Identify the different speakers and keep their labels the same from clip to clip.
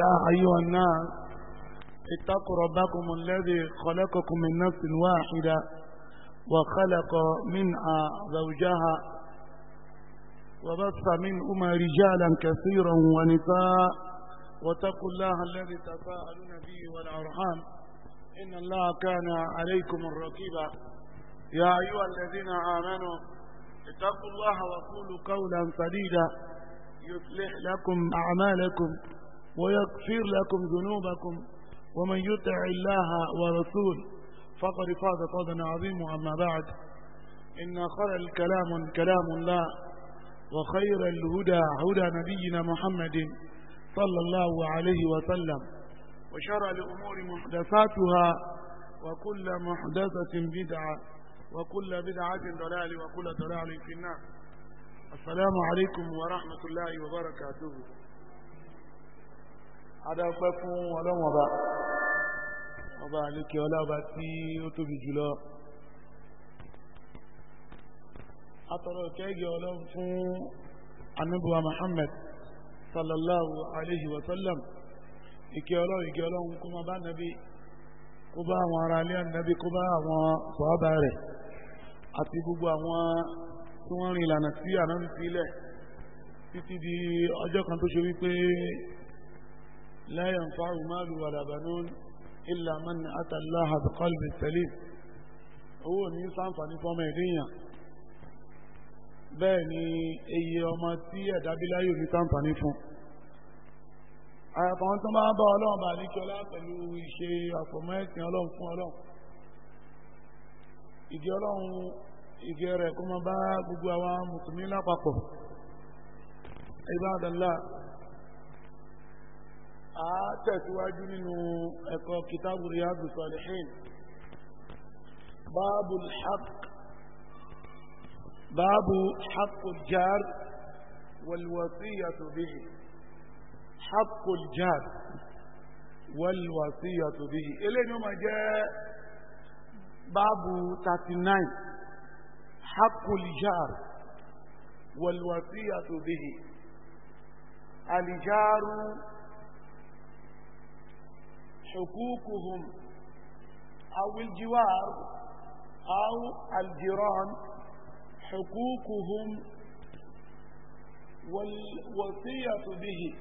Speaker 1: يا أيها الناس اتقوا ربكم الذي خلقكم من نفس واحدة وخلق منها زوجها وبث منهما رجالا كثيرا ونساء واتقوا الله الذي تساءلون به والأرحام إن الله كان عليكم الرقيبا يا أيها الذين آمنوا اتقوا الله وقولوا قولا سديدا يصلح لكم أعمالكم ويغفر لكم ذنوبكم ومن يطع الله ورسوله فقد فاز فوزا عظيما أما بعد إن خير الكلام كلام الله وخير الهدى هدى نبينا محمد صلى الله عليه وسلم وشرع الأمور محدثاتها وكل محدثة بدعة وكل بدعة ضلال وكل ضلال في النار السلام عليكم ورحمة الله وبركاته adáwọ̀pẹ́ fún ọlọ́wọ̀n ọba ọba àlékè ọlọ́ọba tí ó tóbi jùlọ atọ́rọ̀ kẹ́gẹ́ ọlọ́run fún
Speaker 2: anábùwà Muhammad
Speaker 1: sallallahu alaihi wasallam ìkẹ́ ọlọ́run ìkẹ́ ọlọ́run kó máa bá nàbí kó bá àwọn ará alẹ́ nàbí kó bá àwọn sọ́ọ́bà rẹ̀ àti gbogbo àwọn tí wọ́n rìn ìlànà sí ànábì sílẹ̀ títí di ọjọ́ kan tó ṣe wípé لا ينفع مال ولا بنون إلا من أتى الله بقلب سليم owó ní ṣàǹfààní fọmọ ènìyàn bẹ́ẹ̀ ni iye ọmọ tí ẹ̀dá bí láyé ò ní ṣàǹfààní fún àyàfọ̀n tó máa bá ọlọ́run bá ní kíọlá pẹ̀lú ìṣe àfọ̀mọ́ ẹ̀sìn ọlọ́run fún ọlọ́run ìdí ọlọ́run ìgẹ̀ rẹ̀ kó máa bá gbogbo àwọn mùsùlùmí lápapọ̀ ibadallah a tẹ̀síwájú nínú ẹ̀kọ́ kitabu riyadu salihin babu haq babu haqqul jar wal wasiyatu bihi haqqul jar wal wasiyatu bihi eléyìí ó máa jẹ́ babu 39 haqqul jar wal wasiyatu bihi حقوقهم أو الجوار أو الجيران حقوقهم والوصية به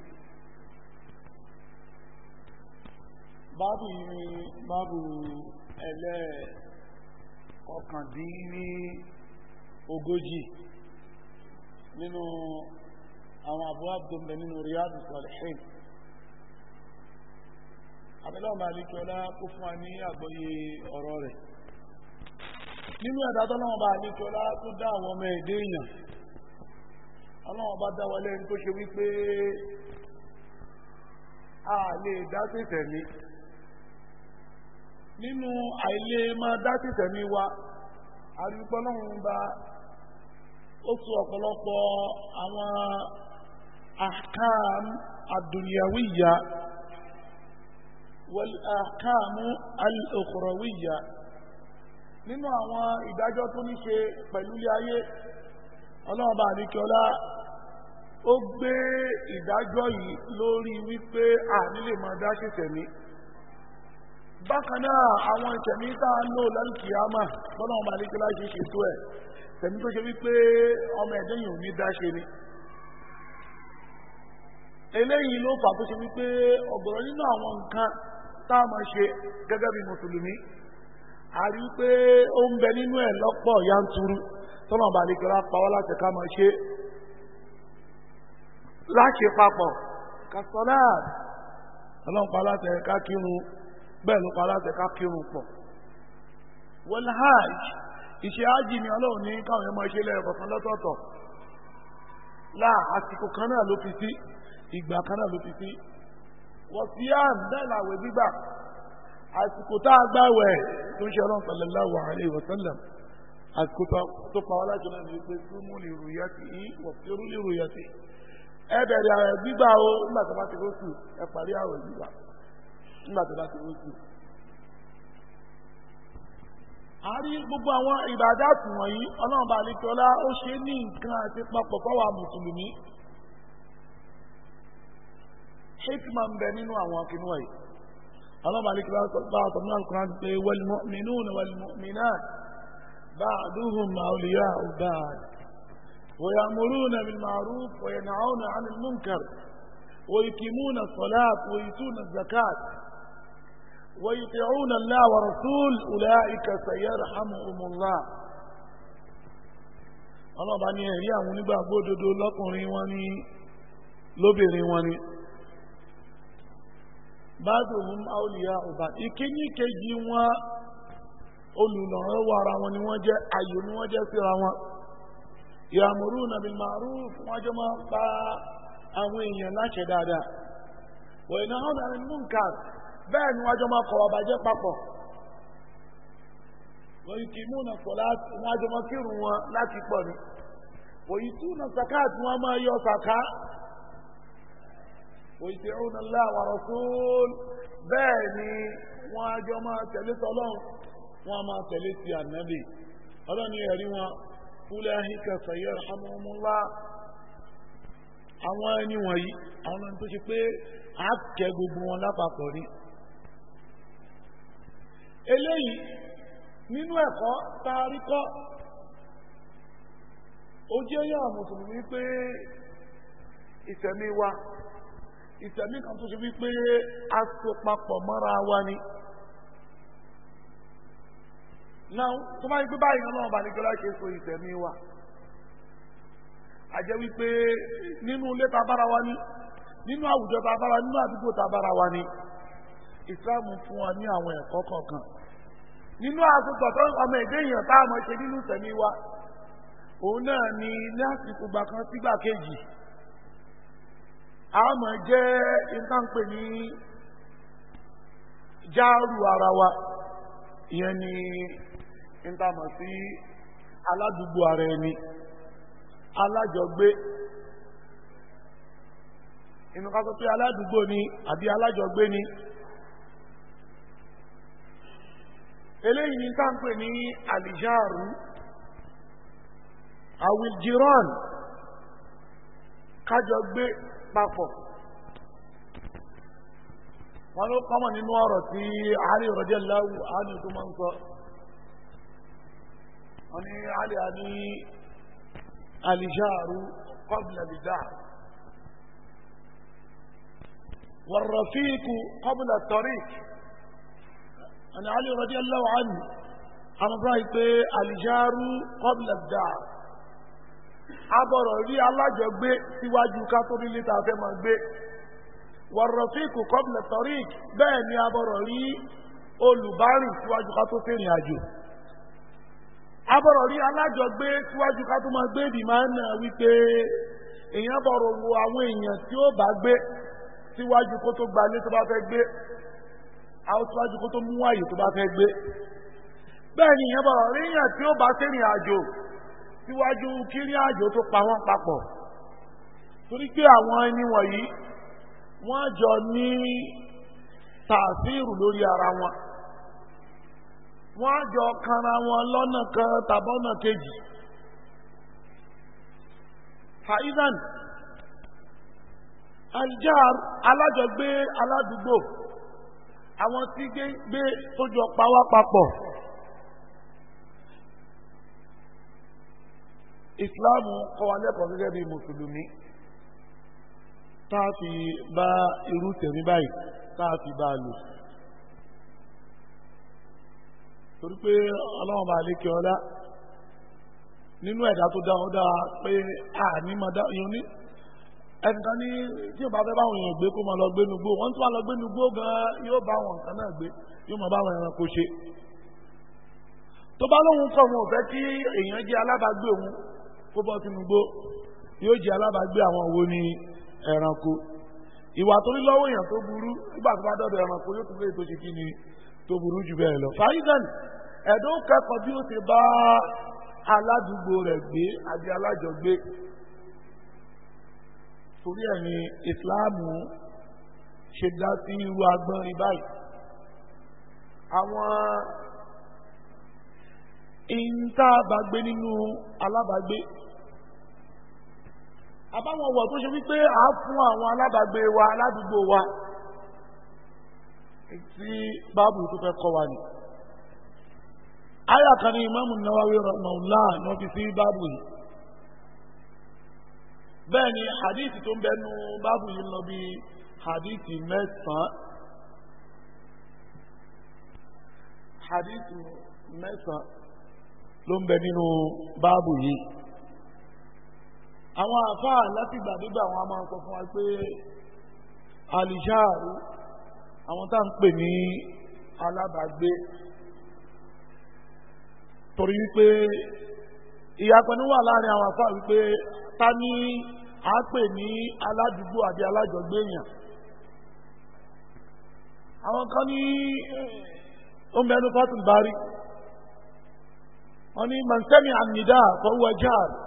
Speaker 1: باب باب ألا وقديني وجوجي منه أو أبواب منو رياض الصالحين àbẹ́lẹ́ ọba àlekíọ́lá kó fún wa ní àgbọ́yé ọ̀rọ̀ rẹ̀ nínú ẹ̀dá tọ́lọ́wọ́n ọba àlekíọ́lá tó dá àwọn ọmọ ẹ̀dẹ́ èèyàn ọlọ́wọ́n bá dá wọlé ẹni tó ṣe wípé a lè dá tètè ní nínú àìlè máa dá tètè ní wa àdúgbò ọlọ́run bá ó so ọ̀pọ̀lọpọ̀ àwọn àkàm àdùnyàwíyà. والأحكام الأخروية nínú àwọn ìdájọ́ tó ní ṣe pẹ̀lú ilé ayé ọlọ́run bá ní kí ọlá ó gbé ìdájọ́ yìí lórí wípé àní lè máa dá ṣèṣẹ̀mí bákan náà àwọn ìṣẹ̀mí tá a lò lálùkìyàmà lọ́lọ́run bá ní kí ọlá ṣe ṣètò ẹ̀ tẹ̀mí tó ṣe wípé ọmọ ẹ̀dẹ́ yìí ò ní dá ṣe ni eléyìí ló fà tó ṣe wípé ọ̀gọ̀rọ̀ nínú àwọn nǹkan táàmù ṣe gẹ́gẹ́ bí mùsùlùmí a rí pé ó ń bẹ nínú ẹ̀ lọ́pọ̀ yanturu tọ́nà balẹ̀kẹ́lá pawọ́ láti ká máa ṣe láṣẹ papọ̀ kàṣọ́lá ọlọ́run pa láti ká kírun bẹ́ẹ̀ ló pa láti ká kírun pọ̀ wal hajj ìṣe ájì ni ọlọ́run ní káwọn ẹmọ ṣe lẹ́ẹ̀kọ̀kan lọ́tọ̀ọ̀tọ̀ láà àsìkò kan náà ló fi sí ìgbà kan náà ló fi sí wọ̀síyàn bẹ́ẹ̀ làwẹ̀ gbígbà àsìkò tá a gbàwẹ̀ tó ń ṣe ọlọ́run sallallahu alaihi wasallam àsìkò tó pa wọ́n lájọ náà ní pé súnmù ní ìròyìn ti yí wọ̀fẹ́rú ní ìròyìn ti ẹ bẹ̀rẹ̀ àwẹ̀ gbígbà o nígbà tó bá ti rọ́sù ẹ parí àwẹ̀ gbígbà nígbà tó bá ti rọ́sù. a rí gbogbo àwọn ìbàdàtù wọ̀nyí ọlọ́run bá àlejò ọlá ó ṣe ní nǹkan àti papọ̀ fáwọn mùsùlùmí حكمه بنينو اواكنو اي الله عليك لا تطاعت من القران والمؤمنون والمؤمنات بعضهم اولياء بعض ويامرون بالمعروف وينعون عن المنكر ويقيمون الصلاة ويتون الزكاة ويطيعون الله ورسول أولئك سيرحمهم الله الله بني أهلي أمني بابو لقوني واني لبيني واني báàdùhùn áúlìyà ọba ìkíní kejì wọn olùlọ́rọ̀wọ́ ara wọn ni wọ́n jẹ́ ayò ni wọ́n jẹ́ síra wọn ìyàmùrú nàbí màrú wọ́n jẹ́ pa àwọn èèyàn láṣẹ dáadáa wọ́n iná hàn náà bẹ́ẹ̀ ni wọ́n ويطيعون الله ورسول باني وجماعة تلت الله وما تلت يا النبي أراني يا ريما أولئك سيرحمهم الله àwọn ẹni wọ̀nyí àwọn ẹni tó ṣe pé a kẹ́ gbogbo wọn lápapọ̀ ni eléyìí nínú ẹ̀kọ́ taari kọ́ ó jẹ́ yà mùsùlùmí pé ìtẹ̀mí wa ìsẹ̀mí kan tó ṣe wípé a so papọ̀ mọ́ra wa ni. náà tó bá yẹ pé báyìí náà bá ní kí ọlá ṣe so ìsẹ̀mí wa a jẹ́ wípé nínú ilé ta bára wa ni nínú àwùjọ ta bára nínú àdúgbò ta bára wa ni ìsìláàmù fún wa ní àwọn ẹ̀kọ́ kọ̀ọ̀kan nínú àtúntò tó ń ọmọ ẹgbẹ́ èèyàn tá ṣe nínú ìsẹ̀mí wa òun náà ni lásìkò gbà kan sígbà kejì àmọ́ jẹ́ ìtànpè ní jáàrù ara wa ìyẹn ni ìtàmọ̀ sí aládùúgbò ara ẹni alájọgbé inú ká sọ pé aládùúgbò ni àbí alájọgbé ni eléyìí ni táǹpè ní àlìjáàrú àwìjíràn kájọ papọ̀ wọn ló kọ́mọ̀ nínú ọ̀rọ̀ tí Ali radiyallahu anhu tó máa ń sọ wọn ní Ali àní alìjáàrú qabla bìjáà والرفيق قبل الطريق أنا علي رضي الله عنه أنا رأيت الجار قبل الدار abọ̀rọ̀ rí alájọgbé síwájú ká tó nílé tá a fẹ́ máa gbé wọ̀rọ̀fíìkù bẹ́ẹ̀ ni abọ̀rọ̀ rí olùbárìn síwájú ká àjò abọ̀rọ̀ rí alájọgbé síwájú ká máa gbé ìdìmọ̀ náà wípé èèyàn bọ̀rọ̀ wo àwọn èèyàn tí ó bá gbé síwájú kó tó gbalé tó bá fẹ́ gbé àwọn síwájú kó tó mú àyè tó bá bẹ́ẹ̀ ni bọ̀rọ̀ rí èèyàn tí ó bá síwájú kírí àjò tó pa wọ́n papọ̀ torí pé àwọn ẹni wọ̀nyí wọ́n jọ ní tààsírù lórí ara wọn wọ́n jọ kanra wọn lọ́nà kan tàbọ́nà kejì faizan aljar alájọgbé aládùúgbò àwọn tí gbé tó jọ pa wá papọ̀. islam kọ́ wa lẹ́kọ̀ọ́ gẹ́gẹ́ bí mùsùlùmí tá a fi bá irú tẹ̀mí báyìí tá a fi bá a lò torí pé ọlọ́run bá lékè ọlá nínú ẹ̀dá tó dá ọdá pé àní máa dá yóní ẹnìkan ní tí yóò bá fẹ́ báwọn èèyàn gbé kó máa lọ gbénu gbó wọ́n tún wá lọ gbénu gbó gan-an yóò bá àwọn nǹkan náà gbé yóò máa bá ẹranko ṣe tó bá lóun kọ̀ wọn ò fẹ́ kí èèyàn jẹ́ alábàágbé òun kó bọ́ sínú gbó yóò jẹ́ alábàágbé àwọn wo ni ẹranko ìwà tó lọ́wọ́ èèyàn tó burú nígbà tó bá dọ̀dọ̀ ẹranko yóò tún lè tó ṣe kí ni tó burú jù bẹ́ẹ̀ lọ. fàyíṣẹ́lì ẹ̀dọ́ kẹ́kọ̀ọ́ bí ó ṣe bá aládùúgbò rẹ̀ gbé àbí alájọgbé torí ẹ̀ ni ìsìláàmù ṣe dá sí irú agbọ́nrin báyìí. àwọn ìyìn tá a bá gbé nínú alábàágbé àbáwọn ọ̀wọ̀ tó ṣe wípé à á fún àwọn alábàgbé wa aládùúgbò wa tí báàbù tó fẹ́ kọ́ wa ni. àyà kan ní ìmáàmù Nawawi rahmanulá ni wọ́n fi sí báàbù yìí. bẹ́ẹ̀ ni hadith tó ń bẹnu báàbù yìí lọ bí hadith mẹ́sàn-án. hadith mẹ́sàn-án ló ń bẹ nínú báàbù yìí àwọn àfáà láti gbàdúgbà wọn a máa sọ fún wa pé alìṣáàrú àwọn tá à ń pè ní alábàágbé torí wípé ìyapẹ̀nu wà láàrin àwọn àfáà wípé ta ni a pè ní aládùúgbò àbí alájọgbé èèyàn àwọn kan ní ọmọ ẹnu fátùbárí wọn ní mọ̀nsẹ́mi àmìdá fọwọ́ jáàrú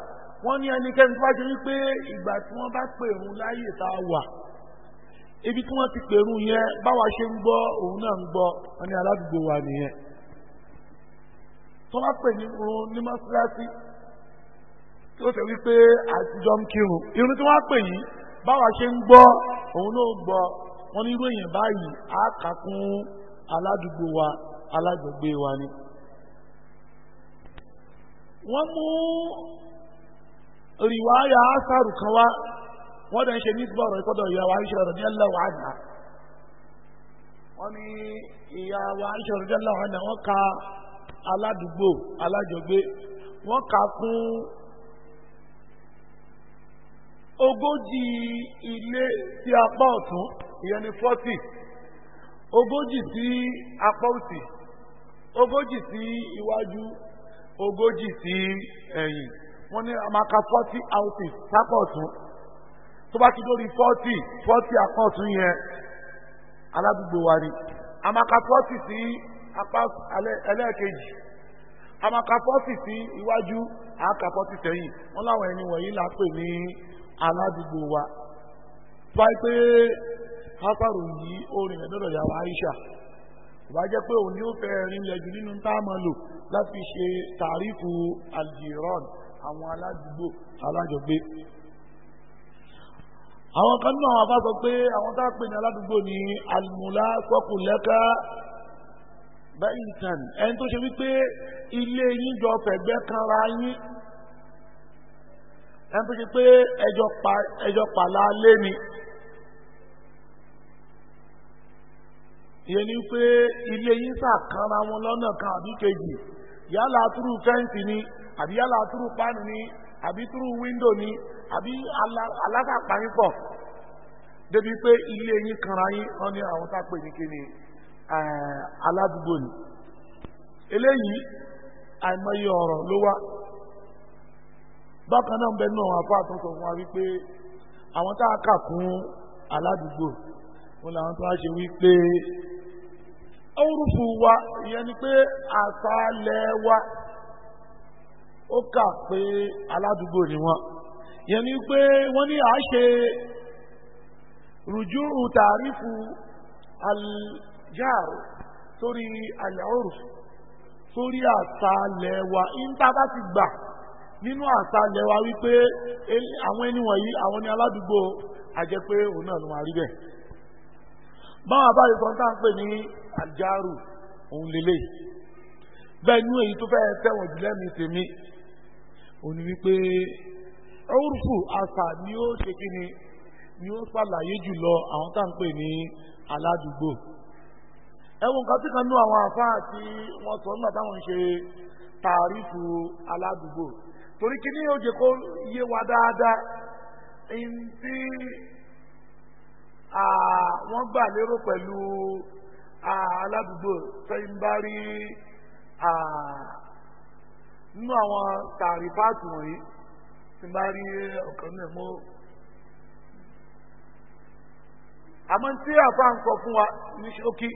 Speaker 1: wọ́n ní ẹnikẹ́ni tó bá ṣe wípé ìgbà tí wọ́n bá pèrún láyè tá a wà ibi tí wọ́n ti pèrún yẹn báwa ṣe ń gbọ́ òun náà ń gbọ́ wọn ní aládùúgbò wa nìyẹn tó bá pè ní irun ní mọ́sálásí tí ó ṣe wípé àtijọ́ ń kírun irun tí wọ́n pè yìí báwa ṣe ń gbọ́ òun náà gbọ́ wọn ní irú èèyàn báyìí á kà kún aládùúgbò wa alájọgbé wa ni. wọ́n mú riwaya asaru kan wá wọ́n dẹ̀ ń ṣe nígbà ọ̀rọ̀ ìkọ́dọ̀ ìyàwó Aisha radiyallahu anha wọ́n ní ìyàwó Aisha radiyallahu anha ka aládùúgbò alájọgbé ogójì ilé sí apá ọ̀tún ìyẹn ni fọ́tì ogójì sí apá òsì ogójì sí iwájú ogójì sí wọ́n ní a máa ka forty ounces sápọ̀ tó bá ti dórí forty forty àkọ́ọ̀tún yẹn aládùúgbò wa ni a máa ka forty sí apá ẹlẹ́ẹ̀kejì a máa ka forty sí iwájú a ka forty sẹ́yìn wọ́n láwọn ẹni wọ̀nyí là pè ní aládùúgbò wa tó bá yẹ pé hasaru yìí orin ẹ̀ dọ́dọ̀ yàrá Aisha ìbá jẹ́ pé òun ni ó fẹ́ rinlẹ̀ jù nínú táàmù lò láti ṣe tàrífù aljiron àwọn aládùúgbò alájọgbé àwọn kan náà wọ́n bá sọ pé àwọn tá a pè ní aládùúgbò ní alimula kọkùnlẹ́ka bẹ́yìn tàn ẹni tó ṣe wípé ilé yín jọ fẹ̀gbẹ́ kanra yín ẹni tó ṣe pé ẹjọ pàlà lé ni ìyẹn ni pé ilé yín sàkanra wọn lọ́nà kan àbí kejì yálà túrú fẹ́ǹsì ni àbí yálà túrú páànù ni àbí túrú wíńdò ni àbí alákàpáyín pọ̀ débi pé ilé yín kanra yín wọ́n ní àwọn tá a pè ní kíni eh, aládùúgbò ni eléyìí àìmọye ọ̀rọ̀ ló wá bákan náà bẹ́ẹ̀ náà àfáà tó fún wa wípé àwọn tá a kà kún aládùúgbò wọn làwọn tó wá ṣe wípé ọrùfù wa ìyẹn ni pé àṣà lẹ wa ó kà pé aládùúgbò ni wọn yẹn ni pé wọ́n ní à á ṣe rùjú tàrífù aljar sórí alẹ́ọ̀rù sórí àtàlẹ̀ wa níta bá ti gbà nínú àtàlẹ̀ wa wípé àwọn ẹni wọ̀nyí àwọn ni aládùúgbò àjẹ pé òun náà ló máa rí bẹ́ẹ̀ báwọn abáyé kan tá à ń pè ní aljaru òun lélẹ̀ bẹ́ẹ̀ ní èyí tó fẹ́ tẹ̀wọ̀n jù lẹ́mìí tèmi òní wípé ọrùfù àṣà ni ó ṣe kí ni ni ó ṣàlàyé jùlọ àwọn tá à ń pè ní aládùúgbò ẹwọn nǹkan tí kan nú àwọn àfáà tí wọn sọ nígbà táwọn ń ṣe tààrífù aládùúgbò torí kí ni ó jẹ kó yé wa dáadáa ẹni tí wọ́n gbà lérò pẹ̀lú aládùúgbò fẹ́ bá rí nínú àwọn tààrí páàtì wọ̀nyí tí bá rí ọ̀kan náà mọ́. àmọ́ tí àfa ń sọ fún wa ní ṣókí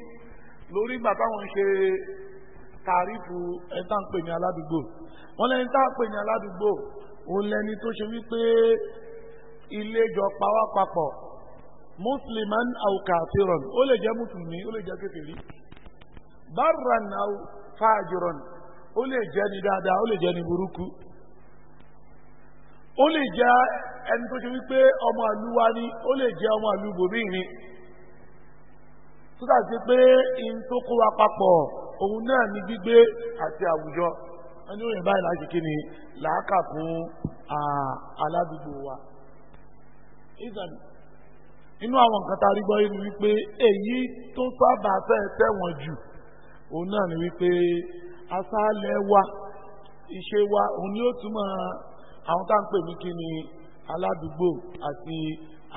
Speaker 1: lórí ìgbà táwọn ń ṣe tààrífù ẹ̀ta ń pè ní aládùúgbò wọ́n lẹ́ni tá a pè ní aládùúgbò òun lẹ́ni tó ṣe wípé ilé pawápapọ̀ musliman aw kafiran ó lè jẹ́ mùsùlùmí ó lè jẹ́ kékeré barran aw ó lè jẹ́ ni dáadáa ó lè jẹ́ ni burúkú ó lè jẹ́ ẹni tó ṣe wípé ọmọ ìlú wa ni ó lè jẹ́ ọmọ ìlú bòmí ni tó dà pé in tó kó wa papọ̀ òun náà ni gbígbé àti àwùjọ wọn ní òyìnbá yìí láti kíni làákà fún aládùúgbò wa inú àwọn nǹkan tá a rí gbọ́ yìí ni wípé èyí tó sábà fẹ́ tẹ̀wọ̀n jù òun náà ni wípé asálẹ̀ wa iṣẹ́ wa òun ni ó túmọ̀ àwọn tá à ń pè ní kí ni aládùúgbò àti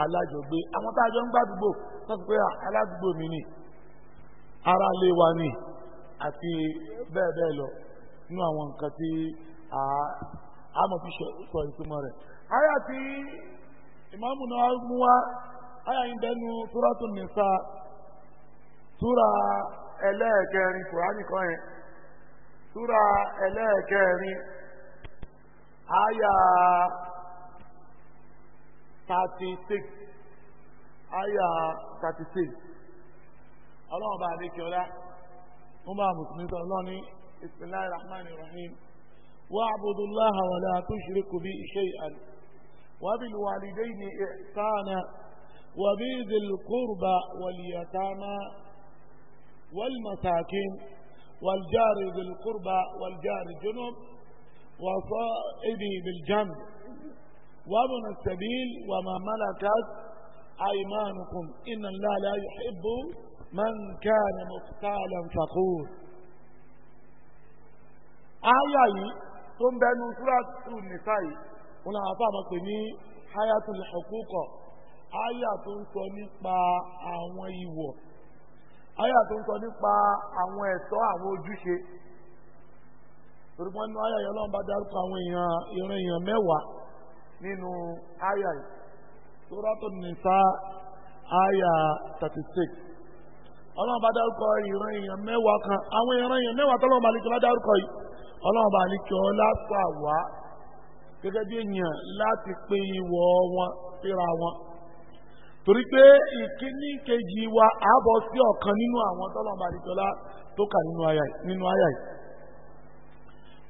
Speaker 1: alájọgbé àwọn tá a jọ ń gbàdúgbò sọ pé aládùúgbò mi ni ara ilé wa ni àti bẹ́ẹ̀ bẹ́ẹ̀ lọ nínú àwọn nǹkan tí a mọ̀ fi sọ ìtumọ̀ rẹ̀. àyà tí ìmáàmù náà mú wá àyà yìí bẹ́nu Sūratun Nisā' súra ẹlẹ́ẹ̀kẹrin kùránì kan yẹn. سورة ألا كاني آية 36 آية 36 الله بعدك ولا هما مسلمين الله بسم الله الرحمن الرحيم واعبد الله ولا تشرك به شيئا وبالوالدين إحسانا وبذي القربى واليتامى والمساكين والجار بالقربى والجار الجنوب وصائبي بالجنب وابن السبيل وما ملكت أيمانكم إن الله لا يحب من كان مختالا فخور آية ثم ń bẹnu النساء هنا wọn làwọn afáàmọ pè ní hayatul huquq àyà tó ń sọ nípa àwọn ẹ̀tọ́ àwọn ojúṣe torí wọn nínú àyà yẹn lọ́nba dárúkọ àwọn èèyàn ìran èèyàn mẹ́wàá nínú àyà yìí Suratu Nisa àyà thirty six ọlọ́nba dárúkọ ìran èèyàn mẹ́wàá kan àwọn ìran èèyàn mẹ́wàá tó lọ́nba àlejò ládárúkọ yìí ọlọ́nba àlejò lásà wá gẹ́gẹ́ bí èèyàn láti pín ìwọ̀ wọn síra wọn. torí pé ìkíní kejì wa àbọ̀ sí ọ̀kan nínú àwọn tọ́lọ́mọ tó kà nínú àyà yìí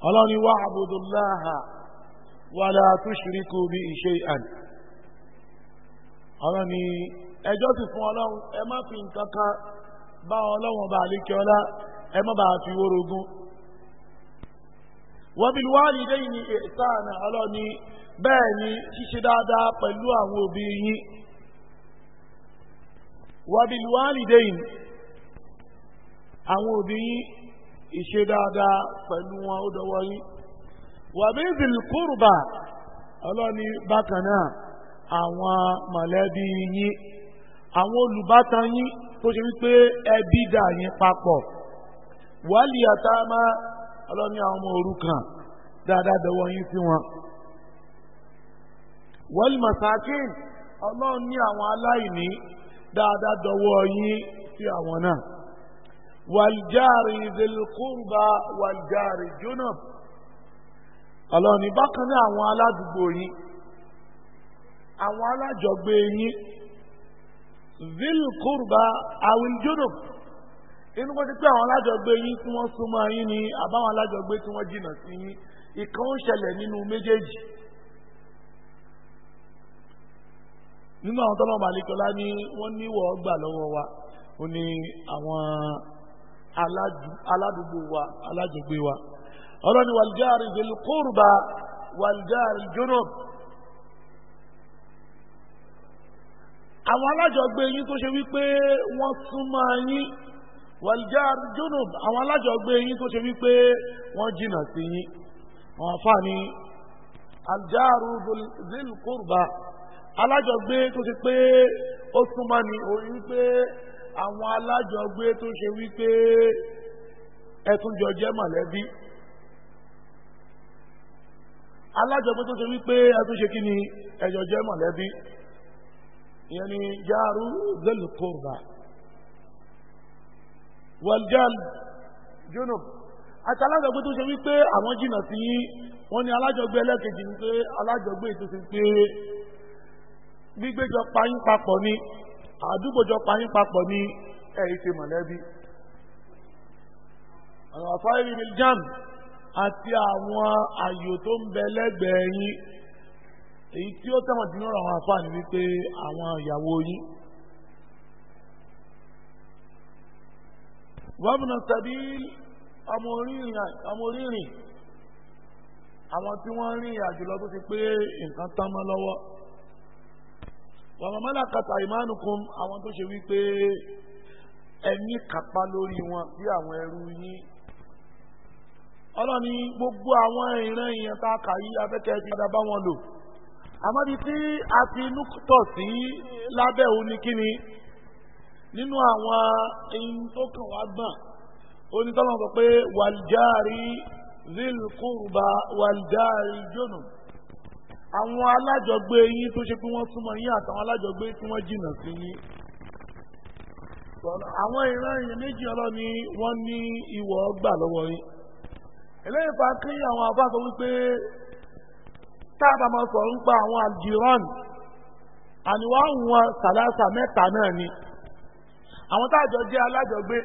Speaker 1: ọlọ́ni wá àbùdùláhà wala tushriku bihi shay'an ọlọ́ni ẹjọ́ sì fún ọlọ́run ẹ má fi nǹkan kan bá ọlọ́run ọba àlékè ọlá ẹ má bàa fi wórogún wa bil walidayni ihsana ọlọ́ni bẹ́ẹ̀ ni ṣíṣe dáadáa pẹ̀lú àwọn òbí yín wàbíluwálìdẹ́yìn àwọn òbí yín ìṣe dáadáa pẹ̀lú wọn ó dọwọ́ yín wàbíbìlì kúrùbà ọlọ́ni bákan náà àwọn mọ̀lẹ́bí yín àwọn olùbátan yín tó ṣe wípé ẹbí dà yín papọ̀ wàlì àtàmà ọlọ́ni àwọn ọmọ òrukàn dáadáa dọwọ́ yín sí wọn wàlì màsákìn ọlọ́run àwọn aláìní dáadáa dọwọ́ yín sí àwọn náà wàljáàrí ìdílkúrúbà wàljáàrí jóná ọlọ́ni bákan náà àwọn aládùúgbò yín àwọn alájọgbé yín zilkurba awiljóná inú kó ti pé àwọn alájọgbé yín tí wọ́n súnmọ́ yín ni àbáwọn alájọgbé tí wọ́n jìnnà sí yín ìkan ń ṣẹlẹ̀ nínú méjèèjì. nínú àwọn tọ́lọ́ màlíkọlá ní wọ́n níwọ̀ gbà lọ́wọ́ wa ó ní àwọn aládùúgbò wa alájọgbé wa ọlọ́ni wàlìjáàrí ìjẹlú kóòrùbá wàlìjáàrí jóná àwọn alájọgbé yín tó ṣe wípé wọ́n súnmọ́ yín wàlìjáàrí jóná àwọn alájọgbé yín tó ṣe wípé wọ́n jìnà sí yín wọ́n fà ní aljáàrú zil kóòrùbá alájọgbé tó ṣe pé ó súnmọ́ ni orí wípé àwọn alájọgbé tó ṣe wípé ẹtúnjọ jẹ́ mọ̀lẹ́bí alájọgbé tó ṣe wípé ẹtúnṣe kí ni ẹjọ jẹ́ mọ̀lẹ́bí ìyẹn ni jáàrú zẹlùkọrùbà wọljẹl jónù àti alájọgbé tó ṣe wípé àwọn jìnnà sí yín wọ́n alájọgbé ẹlẹ́kejì ni pé alájọgbé tó ṣe pé gbígbéjọ payín papọ̀ ni àdúgbòjọ payín papọ̀ ni ẹ̀yìn ti mọ̀lẹ́bí. àwọn àfáìrí ní jam àti àwọn àyò tó ń bẹ lẹ́gbẹ̀ẹ́ yín èyí tí ó tẹ̀wọ̀n dínú ọ̀rọ̀ àwọn àfáàní wípé àwọn ìyàwó yín. wàbùnà sàbí ọmọ orírìn àwọn tí wọ́n ń rìn àjò lọ tó ti pé nǹkan tán mọ́ lọ́wọ́ wàmọ̀ mọ́lákàtà ìmánukùn àwọn tó ṣe wípé ẹni kápá lórí wọn bí àwọn ẹrú yín ọlọ́ni gbogbo àwọn ìran èèyàn tá a kà yí afẹ́kẹ́ ti padà bá wọn lò àmọ́ di tí a ti inú tọ̀ sí lábẹ́ òní nínú àwọn ẹyin tó kàn wá gbọ̀n onítọ́nà sọ pé wàlìjáàrí zilkurba wàlìjáàrí jónùn àwọn alájọgbé yín tó ṣe pé wọ́n súnmọ́ yín àtàwọn alájọgbé tí wọ́n jìnnà sí yín àwọn ìran èèyàn méjì ọlọ́ni wọ́n ní ìwọ̀ gbà lọ́wọ́ yín eléyìí fa kí àwọn àbá sọ wípé táàbà máa sọ ń pa àwọn aljiran àníwá wọn sàlásà mẹ́ta náà ni àwọn táàjọ jẹ́ alájọgbé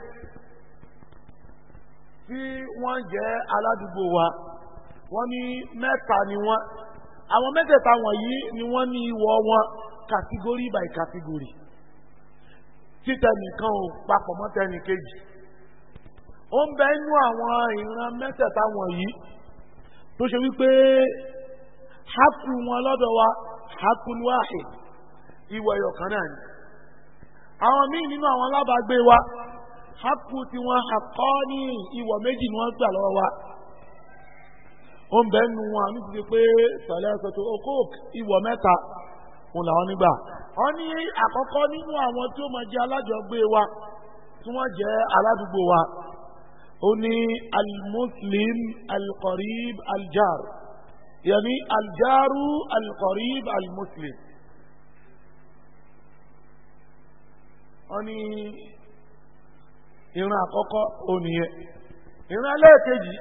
Speaker 1: tí wọ́n jẹ́ aládùúgbò wa wọ́n ní mẹ́ta ni wọ́n àwọn mẹ́tẹ̀ẹ̀ta wọ̀nyí ni wọ́n ní ìwọ wọn kàtígórì by kàtígórì títẹ nìkan ò papọ̀ mọ́ tẹnì kejì ó ń bẹ inú àwọn ìran mẹ́tẹ̀ẹ̀ta wọ̀nyí tó ṣe wípé hákù wọn lọ́dọ̀ wa hákù wáhì ìwọ ẹ̀yọ̀kan náà ni àwọn míì nínú àwọn alábàágbé wa hákù tiwọn àkọ́ ní ìwọ méjì ni wọ́n gbà lọ́wọ́ wa ó ń bẹ́ nu wọn àmì ti di pé sàlẹ̀ ẹsẹ̀ tó okó ìwọ̀ mẹ́ta òun làwọn nígbà. wọ́n ní àkọ́kọ́ nínú àwọn tí ó máa jẹ́ alájọgbé wa tí wọ́n jẹ́ aládùúgbò wa ó ní almuslim alqarib aljar yẹni aljaru alqarib almuslim. wọ́n ní ìran àkọ́kọ́ òun nìyẹn ìran ẹlẹ́ẹ̀kejì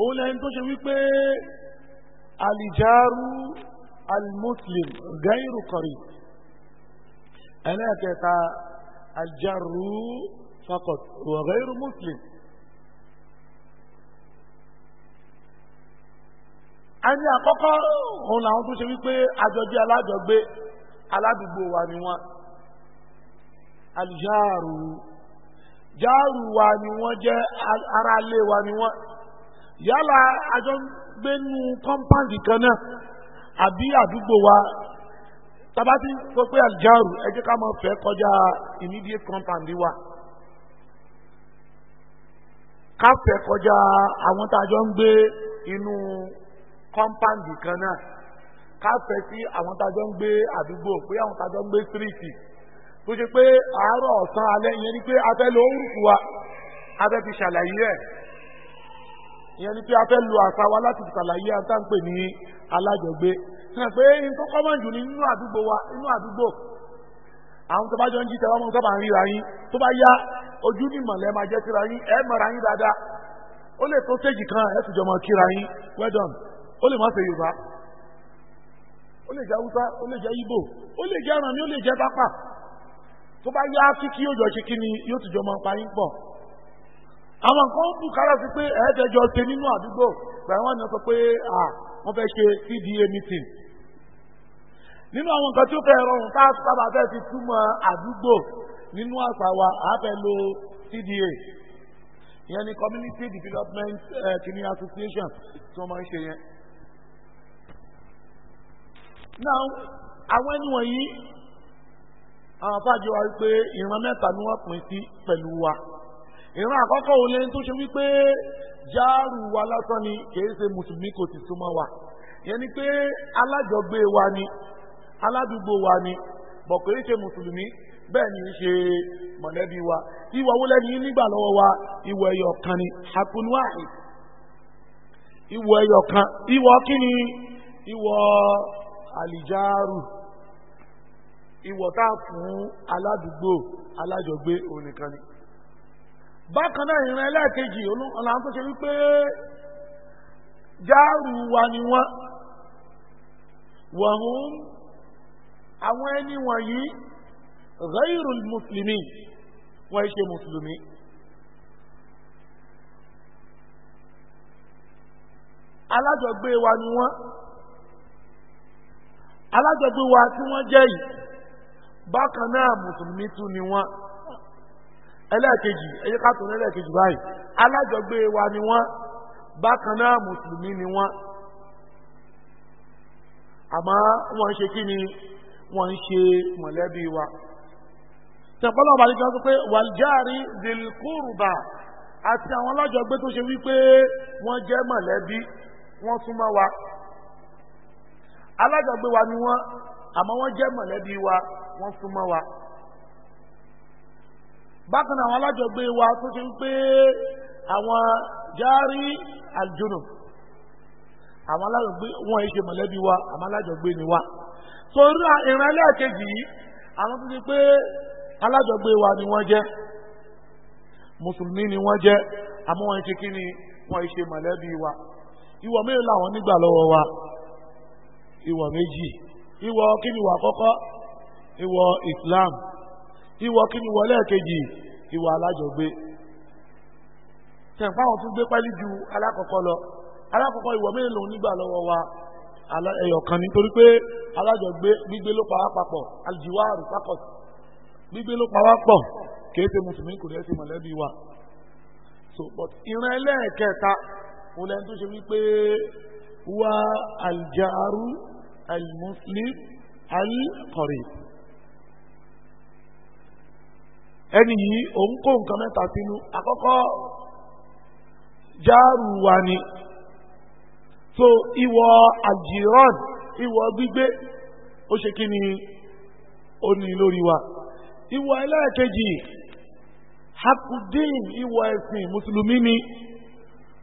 Speaker 1: òun lẹ́yìn tó ṣe wípé alìjáru almuslim gairu qarib ẹlẹ́ẹ̀kẹta alìjáru faqat wa gairu muslim ẹni àkọ́kọ́ òun làwọn tó ṣe wípé àjọgbé alájọgbé aládùúgbò wa ni wọ́n alìjáru jáàrù wa ni wọ́n jẹ́ aráalé wa ni wọ́n yálà àjọ gbénu kọ́mpáǹdì kan náà àbí àdúgbò wa tabati sọ pé àjàrù ẹ jẹ́ ká máa fẹ́ kọjá immediate compound wa ká fẹ́ kọjá àwọn tá a jọ ń gbé inú compound kan náà ká fẹ́ sí àwọn tá a jọ ń gbé àdúgbò pé àwọn tá a jọ ń gbé street tó ṣe pé àárọ̀ ọ̀sán alẹ́ yẹn ni pé a fẹ́ lo orúkú wa a fẹ́ fi ṣàlàyé ẹ̀ ìyẹn ni pé a fẹ́ lo àṣà wa láti ṣàlàyé àti àǹpè ní alájọgbé sọ pé nǹkan kọ́mọ̀ jù ní inú àdúgbò wa inú àdúgbò àwọn tó bá jọ ń jí tẹ́wọ́ mọ́ sábà ń ríra yín tó bá yá ojú ní mọ̀lẹ́ máa jẹ́ síra yín ẹ mọ̀ra yín dáadáa ó lè tó séjì kan ẹ sì jọ mọ̀ kíra yín well done ó lè má ṣe yorùbá ó lè jẹ́ haúsá ó lè jẹ́ ibo ó lè jẹ́ arànmí ó lè jẹ́ pápá tó bá yá kíkí yóò jọ ṣe kí ni yóò tìjọ mọ̀ pa yín pọ̀ àwọn kan ń bùkárà sí pé ẹ̀ẹ́dẹ̀jọ ṣe nínú àdúgbò pẹ̀lú àwọn ènìyàn sọ pé à wọ́n fẹ́ ṣe cda meeting nínú àwọn nǹkan tí ó fẹ́ rọrùn tá a sábà fẹ́ fi túmọ̀ àdúgbò nínú àṣà wa a fẹ́ lo cda ìyẹn ni community development uh, eh, kini association tí wọ́n máa ń ṣe yẹn. now àwọn ẹni wọ̀nyí àwọn afáàjọ wa wípé ìran mẹ́ta ni wọ́n pín sí pẹ̀lú wa ìran àkọ́kọ́ òun lẹ́ni tó ṣe wípé jáàrù wa lásán ni kìí ṣe mùsùlùmí kò sì súnmọ́ wa ìyẹn ni pé alájọgbé wa ni aládùúgbò wa ni bọ̀ kìí ṣe mùsùlùmí bẹ́ẹ̀ ni ṣe mọ̀lẹ́bí wa ìwà wo lẹ́ni nígbà lọ́wọ́ wa ìwà ẹ̀yọ̀ kan ni hakunwahi ìwà ẹ̀yọ̀ kan ìwà kí ni ìwà àlìjáàrù ìwà tá a fún aládùúgbò alájọgbé òun nìkan ni bákan náà ìran ẹlẹ́ẹ̀kejì ọ̀là tó ṣe wípé jáàrù wa ni wọ́n wọ̀hún àwọn ẹni wọ̀nyí ghayru mùsùlùmí wọ́n ṣe mùsùlùmí. alájọgbé wa ni wọ́n alájọgbé wa tí wọ́n jẹ́ yìí bákan náà mùsùlùmí tún ni wọ́n ẹlẹ́ẹ̀kejì ẹ̀yẹ ká tún ẹlẹ́ẹ̀kejì báyìí alájọgbé wa ni wọ́n bákan náà mùsùlùmí ni wọ́n àmọ́ wọ́n ń ṣe kí ni wọ́n ń ṣe mọ̀lẹ́bí wa tẹ̀pọ́lọ́ ọba nìkan sọ pé wàljáàrí zilkúrùbà àti àwọn alájọgbé tó ṣe wípé wọ́n jẹ́ mọ̀lẹ́bí wọ́n súnmọ́ wa alájọgbé wa ni wọ́n àmọ́ wọ́n jẹ́ mọ̀lẹ́bí wa wọ́n súnmọ́ wa. bákan náà àwọn alájọgbé wa tó ti ń pé àwọn járí àjùnù àwọn alájọgbé wọn ìṣe mọ̀lẹ́bí wa àwọn alájọgbé ni wa torí ìran ẹlẹ́ẹ̀kejì yìí àwọn tó ti pé alájọgbé wa ni wọ́n jẹ́ mùsùlùmí ni wọ́n jẹ́ àmọ́ wọn ṣe kí wọn ṣe mọ̀lẹ́bí wa ìwọ méjì làwọn nígbà lọ́wọ́ wa ìwọ méjì ìwọ kí ni wà kọ́kọ́ ìwọ Islam ìwọ kíni wọlé kejì ìwọ alájọgbé tẹ̀fà wọn tún gbé pẹ́lú ju alákọ̀ọ́kọ́ lọ alákọ̀ọ́kọ́ ìwọ mélòó lòun nígbà lọ́wọ́ wa ẹ̀yọ̀kan nítorí pé alájọgbé gbígbé ló pa wá papọ̀ aljiwaaru papọ̀ gbígbé ló pa wá pọ̀ kìí ṣe mùsùlùmí kò dẹ́ ṣe mọ̀lẹ́bí wa so but ìran ẹlẹ́ẹ̀kẹta òun lẹ́nu tó ṣe wípé wá aljaaru almuslim alqarib ẹni yìí òun kó nǹkan mẹ́ta sínú àkọ́kọ́ jáàrù wa ni so ìwọ àjìrán ìwọ gbígbé ó ṣe kí ni ó ní lórí wa ìwọ ẹlẹ́ẹ̀kejì hakudin ìwọ ẹ̀sìn mùsùlùmí ni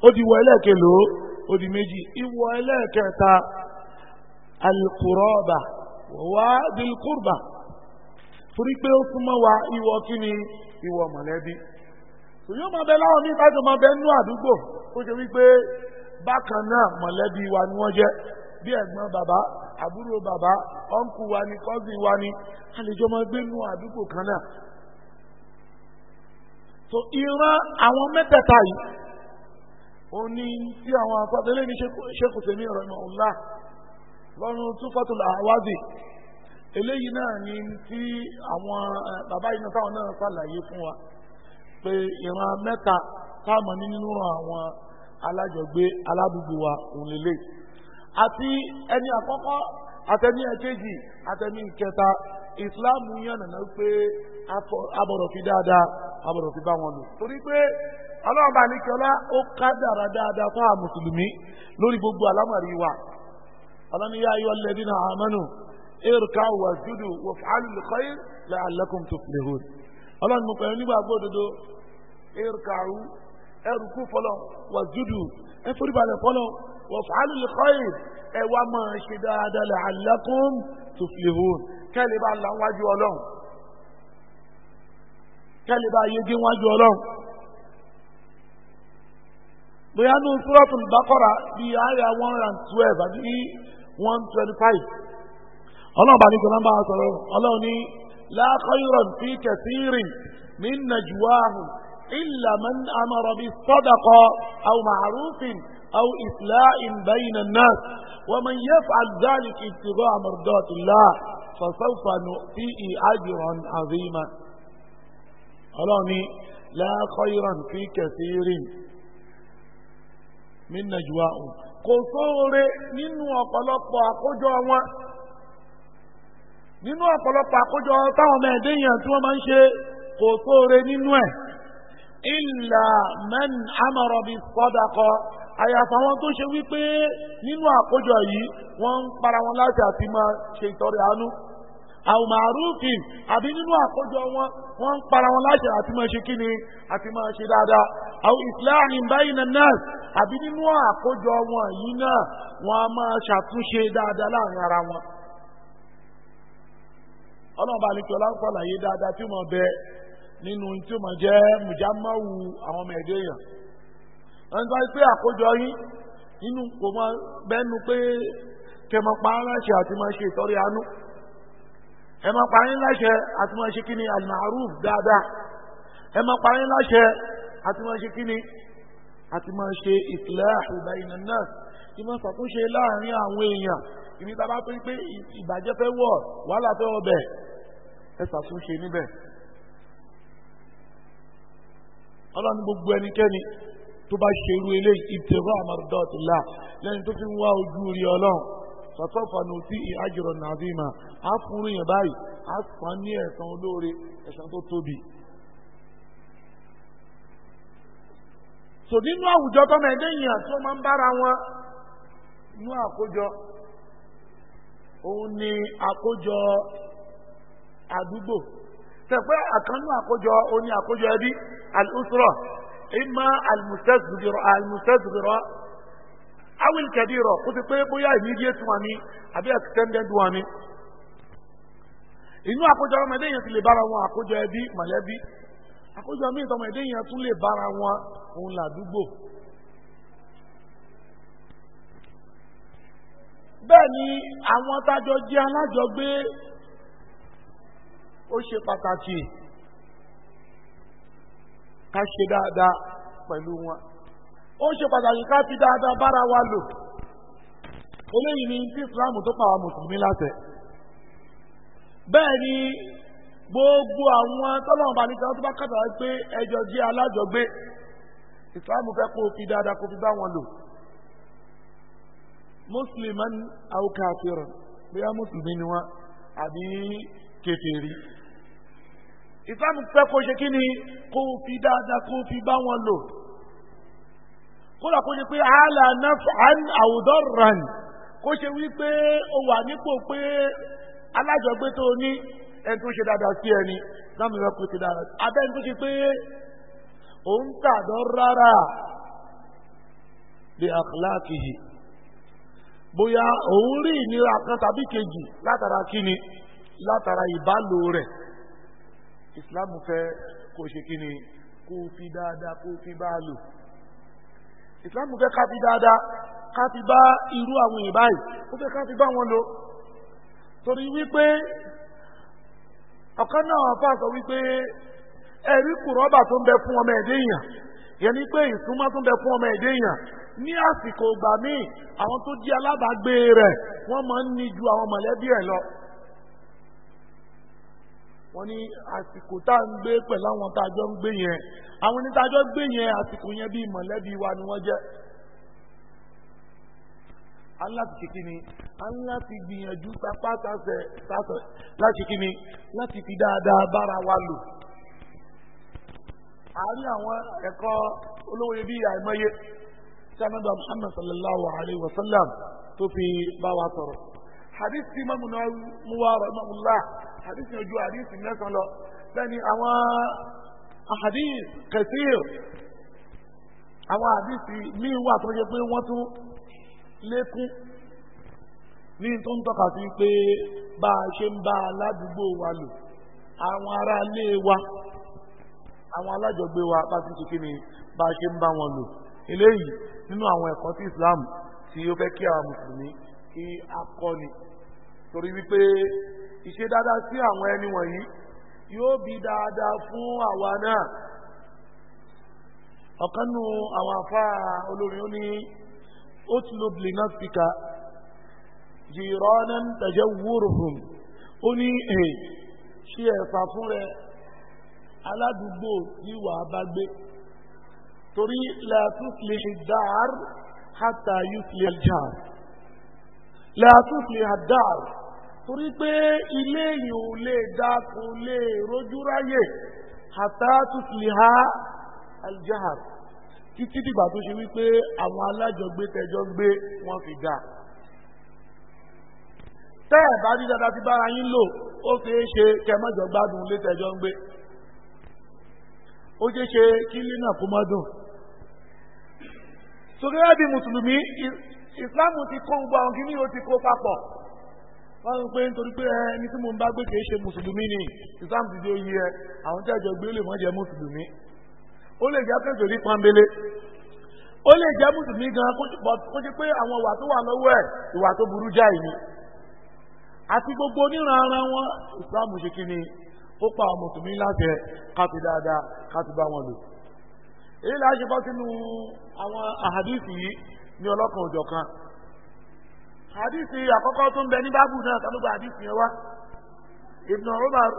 Speaker 1: ó di ìwọ ẹlẹ́ẹ̀kelò ó di méjì ìwọ ẹlẹ́ẹ̀kẹta alukurọba wàá bilkurba torí pé ó súnmọ́ wa ìwọ kí ni ìwọ mọ̀lẹ́bí yóò máa bẹ láwọn míì tájọ máa bẹ nínú àdúgbò ó ṣe wípé bákan náà mọ̀lẹ́bí wa ni wọ́n jẹ́ bí ẹ̀gbọ́n bàbá àbúrò bàbá ọ̀nkù wa ni kọ́sìn wa ni a lè jọ máa gbé nínú àdúgbò kan náà so ìran àwọn mẹ́tẹ̀ẹ̀ta yìí ó ní tí àwọn àfọ́sẹ́lẹ́ ní ṣekùsẹ̀ ní ọ̀rọ̀ ìmọ̀ ọ̀la lọ́rùn túfọ́tò àwádìí eléyìí náà ni tí àwọn eh, bàbá iná táwọn náà ṣàlàyé fún wa pé ìran mẹ́ta táwọn ní nínú àwọn alájọgbé aládùúgbò wa òun lélẹ̀ àti ẹni àkọ́kọ́ àtẹni ẹ̀kejì àtẹni ìkẹta ìsìláàmù yẹn nàná pé abọ̀rọ̀ fi dáadáa abọ̀rọ̀ fi bá wọn lò torí pé ọlọ́ọ̀bà nìkẹ́lá ó ká dára dáadáa fáwọn mùsùlùmí lórí gbogbo àlámọ̀rí wa ọlọ́niyá ayọ́ lẹ́dínà àmọ́nù irka'u wasjudu waf'alu l-khayr la'allakum tuflihun ọlọ́run mọ̀kàn yẹn nígbà gbọ́dodo irka'u ẹrùkú fọlọ́ wasjudu ẹ forí balẹ̀ fọlọ́ waf'alu l-khayr ẹ wá máa ṣe dáadáa la'allakum tuflihun kẹ́lẹ́ bá la wájú ọlọ́run kẹ́lẹ́ bá yege wájú ọlọ́run bóyá ní suratul baqara bíi àyà one hundred and twelve àbí one twenty five. الله بعد كلام بعض الله ني لا خيرا في كثير من نجواه إلا من أمر بالصدقة أو معروف أو إثلاء بين الناس ومن يفعل ذلك اتباع مرضات الله فسوف نؤتيه أجرا عظيما أراني لا خيرا في كثير من نجواء قصور من وقلق وقجوة nínú ọ̀pọ̀lọpọ̀ àkójọ táwọn ọmọ ẹ̀dẹ́ yẹn tí wọ́n máa ń ṣe kò tóore nínú ẹ̀ ìlà man amara bi sadaqa àyàfà wọn tó ṣe wípé nínú àkójọ yìí wọ́n ń para wọn láti àti máa ṣe ìtọrẹ àánú àwọn màrúfì àbí nínú àkójọ wọn wọ́n ń para wọn láti àti máa ṣe kíni àti máa ṣe dáadáa àwọn ìsìláàmì báyìí náà àbí nínú àkójọ wọn yìí náà wọ́n á máa ṣàtúnṣe dáadáa láàrin ara wọn ọlọ́ọ̀bá àlejò ọláńkọ́lá yé dáadáa tí ó mọ̀ bẹ nínú tí ó mọ̀ jẹ́ mùjámáwù àwọn ọmọ ẹ̀dẹ́ yẹn ẹni tó ń pẹ́ àkójọ yín nínú kò mọ bẹ́nu pé kẹmọ pa á láṣẹ àti máa ṣe ìtọ́rí àánú ẹ máa pa yín láṣẹ àti máa ṣe kí ni al-ma'ruf dáadáa ẹ máa pa yín láṣẹ àti máa ṣe kí ni àti máa ṣe islahu bayna an ìmọ̀ ṣàtúnṣe láàrin àwọn èèyàn ibi tá a bá pín pé ìbàjẹ́ fẹ́ wọ̀ wàhálà fẹ́ ọbẹ̀ ẹ ṣàtúnṣe níbẹ̀. ọlọ́run gbogbo ẹnikẹ́ni tó bá ṣe irú eléyìí ìtẹ̀wọ́ àmàdọ́tìlá lẹ́yìn tó fi ń wá ojú rí ọlọ́run sọ̀tọ́fà ní ti ìhájọ̀rọ̀ nàbímà á fúnrú yẹn báyìí á sàn ní ẹ̀san olóore ẹ̀san tó tóbi. sò nínú àwùjọ tọ́mọ ẹ̀dẹ́yìn àti wọ́n ń bára wọn nínú àkójọ òun ni àkójọ àdúgbò tẹ̀pẹ́ àkànnú àkójọ òun ni àkójọ ẹbí al-usra imma al-mustasghira al-mustasghira awil kó ti pé bóyá immediate one ni àbí extended one ni inú àkójọ ọmọdé yẹn ti lè bára wọn àkójọ ẹbí mọ̀lẹ́bí àkójọ míì tọmọdé yẹn tún lè bára wọn òun làdúgbò. bẹ́ẹ̀ ni àwọn tájọ jẹ́ alájọgbé ó ṣe pàtàkì ká ṣe dáadáa pẹ̀lú wọn ó ṣe pàtàkì ká fi dáadáa bára wa lò eléyìí ni tí Islam tó pa àwọn mùsùlùmí láṣẹ bẹ́ẹ̀ ni gbogbo àwọn tọ́lọ́mọba nígbà tó bá kàtàkì pé ẹjọ́ jẹ́ alájọgbé Islam fẹ́ kó fi dáadáa kó fi bá wọn lò musliman aw kafiran bóyá mùsùlùmí ni wọn àbí kèfèrí ìsìlámù fẹ́ kó ṣe kí ni kó fi dáadáa kó fi bá wọn lò kódà kó ṣe pé àhàlà naf'an aw darran kó ṣe wípé o wà nípò pé alájọgbé tó ní ẹni tó ṣe dáadáa sí ẹni láàmì rẹ kò ti dára abẹ́ tó ṣe pé òun tàdọ́ rárá bí akhlaqihi bóyá òun rí ìnira kan tàbí kejì látara kíni látara ìbálò rẹ̀ islam fẹ́ kó ṣe kíni kó fi dáadáa kó fi bá a lò islam fẹ́ ká fi dáadáa ká fi bá irú àwọn èèyàn báyìí ó fẹ́ ká fi bá wọn lò torí wípé ọ̀kan náà wọ́n fà sọ wípé ẹ̀rí kùrọ́bà tó ń bẹ fún ọmọ ẹ̀dẹ́ yẹn ni pé ìsúnmọ́ tó ń bẹ fún ọmọ ẹ̀dẹ́ ní àsìkò ìgbà míì àwọn tó jẹ́ alábàágbé rẹ̀ wọ́n máa ń ní ju àwọn mọ̀lẹ́bí ẹ̀ lọ. wọ́n ní àsìkò tá à ń gbé pẹ̀lú àwọn tá a jọ ń gbé yẹn àwọn ní tá a jọ gbé yẹn àsìkò yẹn bíi mọ̀lẹ́bí wa ni wọ́n jẹ́. aláti kìkì ni aláti gbìyànjú sapá sasẹ̀ sasẹ̀ láti kìkì ni láti fi dáadáa bára wa lò. àárín àwọn ẹ̀kọ́ olówó yẹn bíi àìmọye sanadu muhammad sallallahu alayhi wa sallam tó fi bá wa sọ̀rọ̀ hadith tí mamu náà mú wa rẹ̀ mamu lá hadith yẹn ju hadith mẹ́sàn-án lọ lẹ́ni àwọn hadith kẹsíìr àwọn hadith míì wà tó yẹ pé wọ́n tún lékún ní tó ń tọ́ka sí pé bá a ṣe ń bá aládùúgbò wa lò àwọn ará ilé wa àwọn alájọgbé wa bá ti ṣe kí ni bá a ṣe ń bá wọn lò eléyìí nínú àwọn ẹ̀kọ́ tí Islam tí ó fẹ́ kí àwọn mùsùlùmí kí a kọ́ ni torí wípé ìṣe dáadáa sí àwọn ẹni wọ̀nyí yóò bí dáadáa fún àwa náà ọ̀kan nù àwọn afá olórin ó ní utlub li nafsika jiranan tajawuruhum ó ní ẹ̀ ṣe ẹ̀fà fún rẹ aládùúgbò tí wàá bá gbé torí la tuflihi ad-dar hatta yufliha al-jar la tufliha ad-dar torí pé ilé yìí ò lè dá kò lè rojú ráyè hatta tufliha al-jar títí dìgbà tó ṣe wípé àwọn alájọgbé tẹjọ gbé wọn fi dà tẹ́ ẹ̀ bá rí dáadáa ti bára yín lò ó fi ṣe kẹmọ́jọ létẹjọ gbé ó ṣe ṣe kí línà kó mọ́ dùn torí ẹ bí mùsùlùmí ìsìláàmù ti kó gbogbo àwọn kìíní ó ti kó papọ̀ wọ́n ń pè nítorí pé ẹni tí mo ń bá gbé kìí ṣe mùsùlùmí ni ìsìláàmù ti di oyè ẹ àwọn tí àjọ gbé lè mọ́ jẹ́ mùsùlùmí ó lè jẹ́ kẹsìrì pọ́nbélé ó lè jẹ́ mùsùlùmí gan kó jẹ́ pé àwọn ìwà tó wà lọ́wọ́ ẹ̀ ìwà tó burú jáì ni àti gbogbo oníranran wọn ìsìláàmù ṣe kí ni ó pa àwọn mùsùlùmí láṣẹ èyí láti bọ́ sínú àwọn àhàdìsì yìí ní ọlọ́kan òjọ̀ kan àhàdìsì àkọ́kọ́ tó ń bẹ ní bábù náà kálógbà àhàdìsì yẹn wá Ibn Umar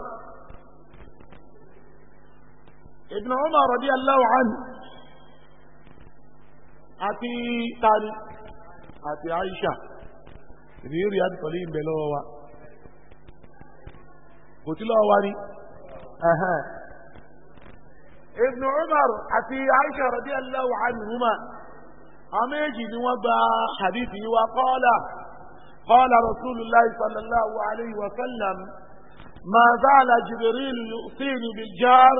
Speaker 1: Ibn àti àti Aisha ìrírí àtìkọ́lé ìbẹ̀ lọ́wọ́ kò ni ابن عمر حتي عائشة رضي الله عنهما أميجي نوبا حديثي وقال قال رسول الله صلى الله عليه وسلم ما زال جبريل يؤصيني بالجار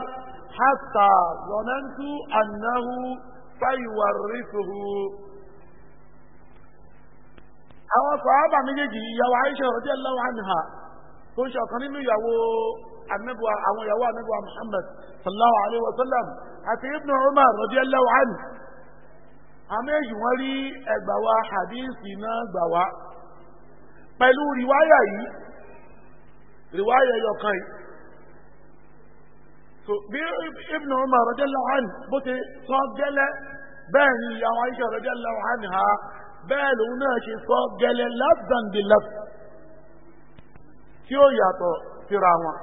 Speaker 1: حتى ظننت أنه سيورثه أو صحابة من يجي يا عائشة رضي الله عنها كل شخص من anabuwa àwọn ìyàwó anabuwa muhammad sallallahu alayhi wa sallam àti ibn umar radiyallahu anhu àmẹ́jì wọ́n rí ẹgbà wa hadithi náà gbà wá pẹ̀lú riwaya yìí riwaya yọkan yìí so bí ibn umar radiyallahu anhu bó ti sọ gẹ́lẹ́ bẹ́ẹ̀ ni ìyàwó aisha radiyallahu anha bẹ́ẹ̀ lòun náà ṣe sọ gẹ́lẹ́ lafzan bi lafz tí ó yàtọ̀ síra wọn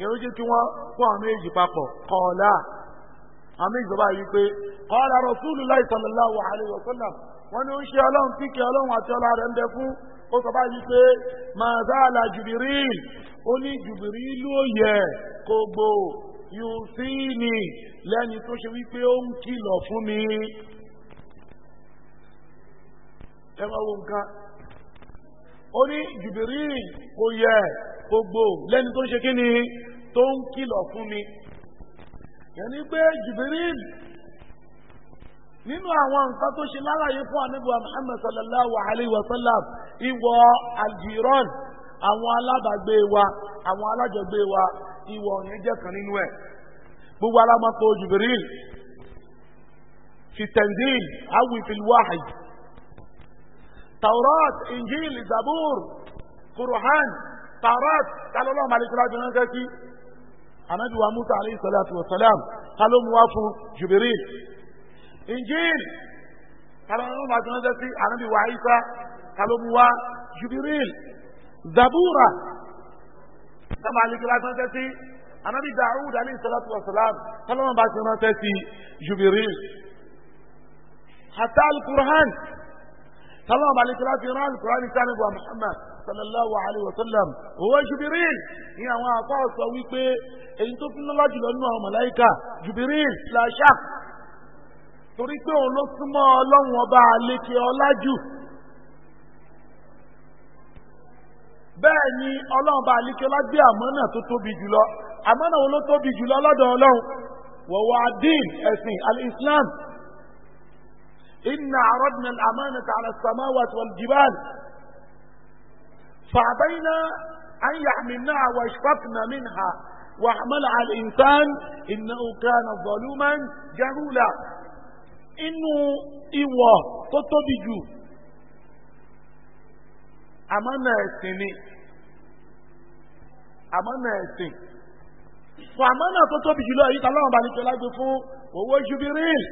Speaker 1: ìyẹn jẹ́ kí wọ́n kó àwọn méjì papọ̀ kọ́ọ̀lá àwọn méjì bàbá yìí pé kọ́ọ̀lá Rasulullahi sallallahu alaihi wasallam wọ́n ní ó ń ṣe ọlọ́run kíkẹ́ ọlọ́run àti ọlá rẹ̀ ń bẹ fún ó sọ báyìí pé máa záàlà Jibril ó ní Jibril ló yẹ kó gbò yóò sí ni lẹ́ni tó ṣe wípé ó ń kìlọ̀ fún mi. ẹ máa wo nǹkan ó ní jìbìrì kò yẹ gbogbo lẹ́ni tó ń ṣe kí ni tó ń kìlọ̀ fún mi yẹni pé jìbìrì nínú àwọn nǹkan tó ṣe lálàyé fún anábìwá Muhammad sallallahu alayhi wa sallam ìwọ aljiran àwọn alábàgbé wa àwọn alájọgbé wa ìwọ yẹn jẹ́ kan nínú ẹ̀ gbogbo alámọ́tò jìbìrì fi tanzil awi fil wahid. taurat injil zabur quran taurat kálọ́ lọ́wọ́ malekula jọ náà kẹ́kí anabi wa musa alayhi salatu wa salam kálọ́ mu wá fún jubril injil kálọ́ lọ́wọ́ malekula jọ náà kẹ́kí anabi wa isa kálọ́ mu wá jubril zabura kálọ́ malekula jọ náà kẹ́kí anabi daoud alayhi salatu wa salam kálọ́ lọ́wọ́ malekula jọ náà kẹ́kí jubril hatta al-Qur'an طلب عليك لا في رأي القرآن كان هو محمد صلى الله عليه وسلم هو جبريل هي ما أعطاه صويك إن تفن الله جل أنه ملائكة جبريل لا شك torí pé òun ló súnmọ́ ọlọ́run ọba àlekè ọlájú bẹ́ẹ̀ ni ọlọ́run ọba àlekè ọlá gbé àmọ́nà tó tóbi jùlọ àmọ́nà wo ló tóbi jùlọ lọ́dọ̀ ọlọ́run wọ̀wọ̀ adín ẹ̀sìn al-Islam إنا عرضنا الأمانة على السماوات والجبال فعبينا أن يحملنها واشفقنا منها وعمل على الإنسان إنه كان ظلوما جهولا إنه إيوه تطبجو أمانة سني أمانة سني فأمانة تطبجو لا يتعلم بالك لا يتفو وهو جبريل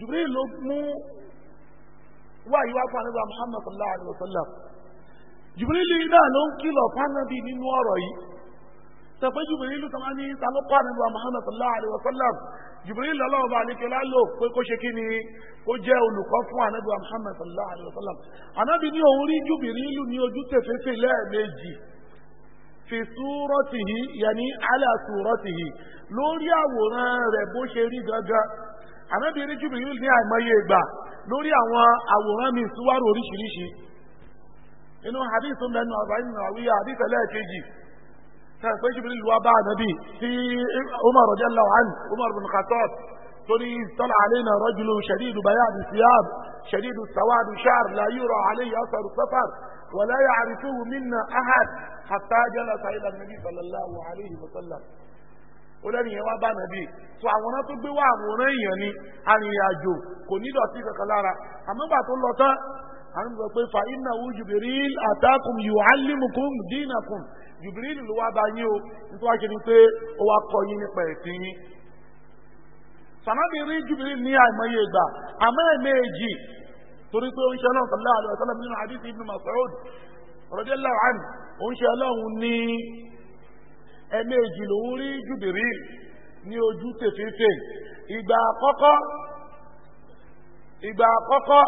Speaker 1: jibril ló mú wáyé wá fún anábà muhammad sallallahu alayhi wa sallam jibril náà ló ń kìlọ̀ fánàbí nínú ọ̀rọ̀ yìí tẹ̀pẹ́ jibril tó máa ní talọ́pọ̀ anábà muhammad sallallahu alayhi wa sallam jibril lọ́lọ́wọ́ bá alẹ́kẹ́ lálò pé kó ṣe kí ni kó jẹ́ olùkọ́ fún anábà muhammad sallallahu alayhi wa sallam anábì ní òun rí jibril ní ojú tẹ̀fẹ́fẹ́ lẹ́ẹ̀mejì fi súrọ́tìhì yàní alá súrọ́tìhì lórí àwòrán rẹ̀ bó ṣe rí gangan ànábìrin jùbìrìl ní àìmọye ìgbà lórí àwọn àwòrán mi síwárò oríṣiríṣi inú hadith mẹnu àbáyé nàwíyà hadith ẹlẹ́ẹ̀kejì tẹ̀ pé jùbìrìl wá bá ànábì sí umar radiyallahu anhu umar bin khattab torí tọ́lá àlẹ́nà rọ́jùlù shadidu bayadu síyáàb shadidu sàwádù shar láyúrọ̀ àlẹ́yà ọ̀sọ̀rù sọ́fàr wọ̀lá yà àrífúhù mínà ahad hatta jalasa ila nabi sallallahu alayhi wa sallam ó lẹ́nu yẹn wá bá nàbí tó àwòrán tó gbé wá àwòrán èèyàn ni arìnrìnàjò kò ní dọ̀tí kankan lára àmọ́ gbà tó lọ tán àwọn sọ pé fa iná wú Jibril àtàkùn yu'allimukum dinakum Jibril ló wá bá yín o nítorí wá ṣe ni pé ó wá kọ́ yín nípa ẹ̀sìn yín sànàbí rí Jibril ní àìmọye ìgbà àmọ́ ẹ̀mẹ́ẹ̀jì torí pé ó ń ṣe náà sallallahu alaihi wasallam nínú hadith ibn Mas'ud radiyallahu anhu ó ń ṣe ọlọ́run ní ẹ̀ẹ̀mejì lòún rí jùbìrí ní ojú tètè ìgbà àkọ́kọ́ ìgbà àkọ́kọ́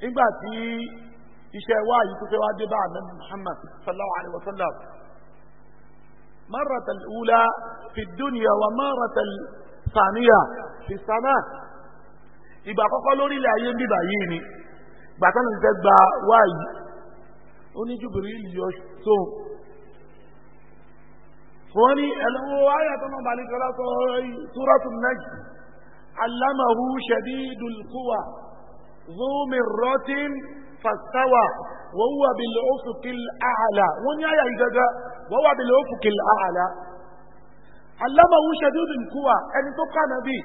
Speaker 1: nígbà tí iṣẹ́ wa yìí tó fẹ́ wá dé bá àmì Muhammad sallallahu alayhi wa sallam marata al-ula fi dunya wa marata al-thaniya fi sama ìgbà àkọ́kọ́ lórí ayé ń bíbà yìí ni gbàtánà ti fẹ́ gba wáyìí oníjúbìrì yọ tó wọ́n ní ẹ̀lọ́wọ́ ayàtọ̀ náà balẹ̀kọ́ lásọ túrọ́tù nájì alámàhú shadidul quwa zúmìrọ́tín fastawa wa huwa bil ufuqil a'la wọ́n ní àyà ìgagá wa huwa bil ufuqil a'la alámàhú shadidul quwa ẹni tó kànà bí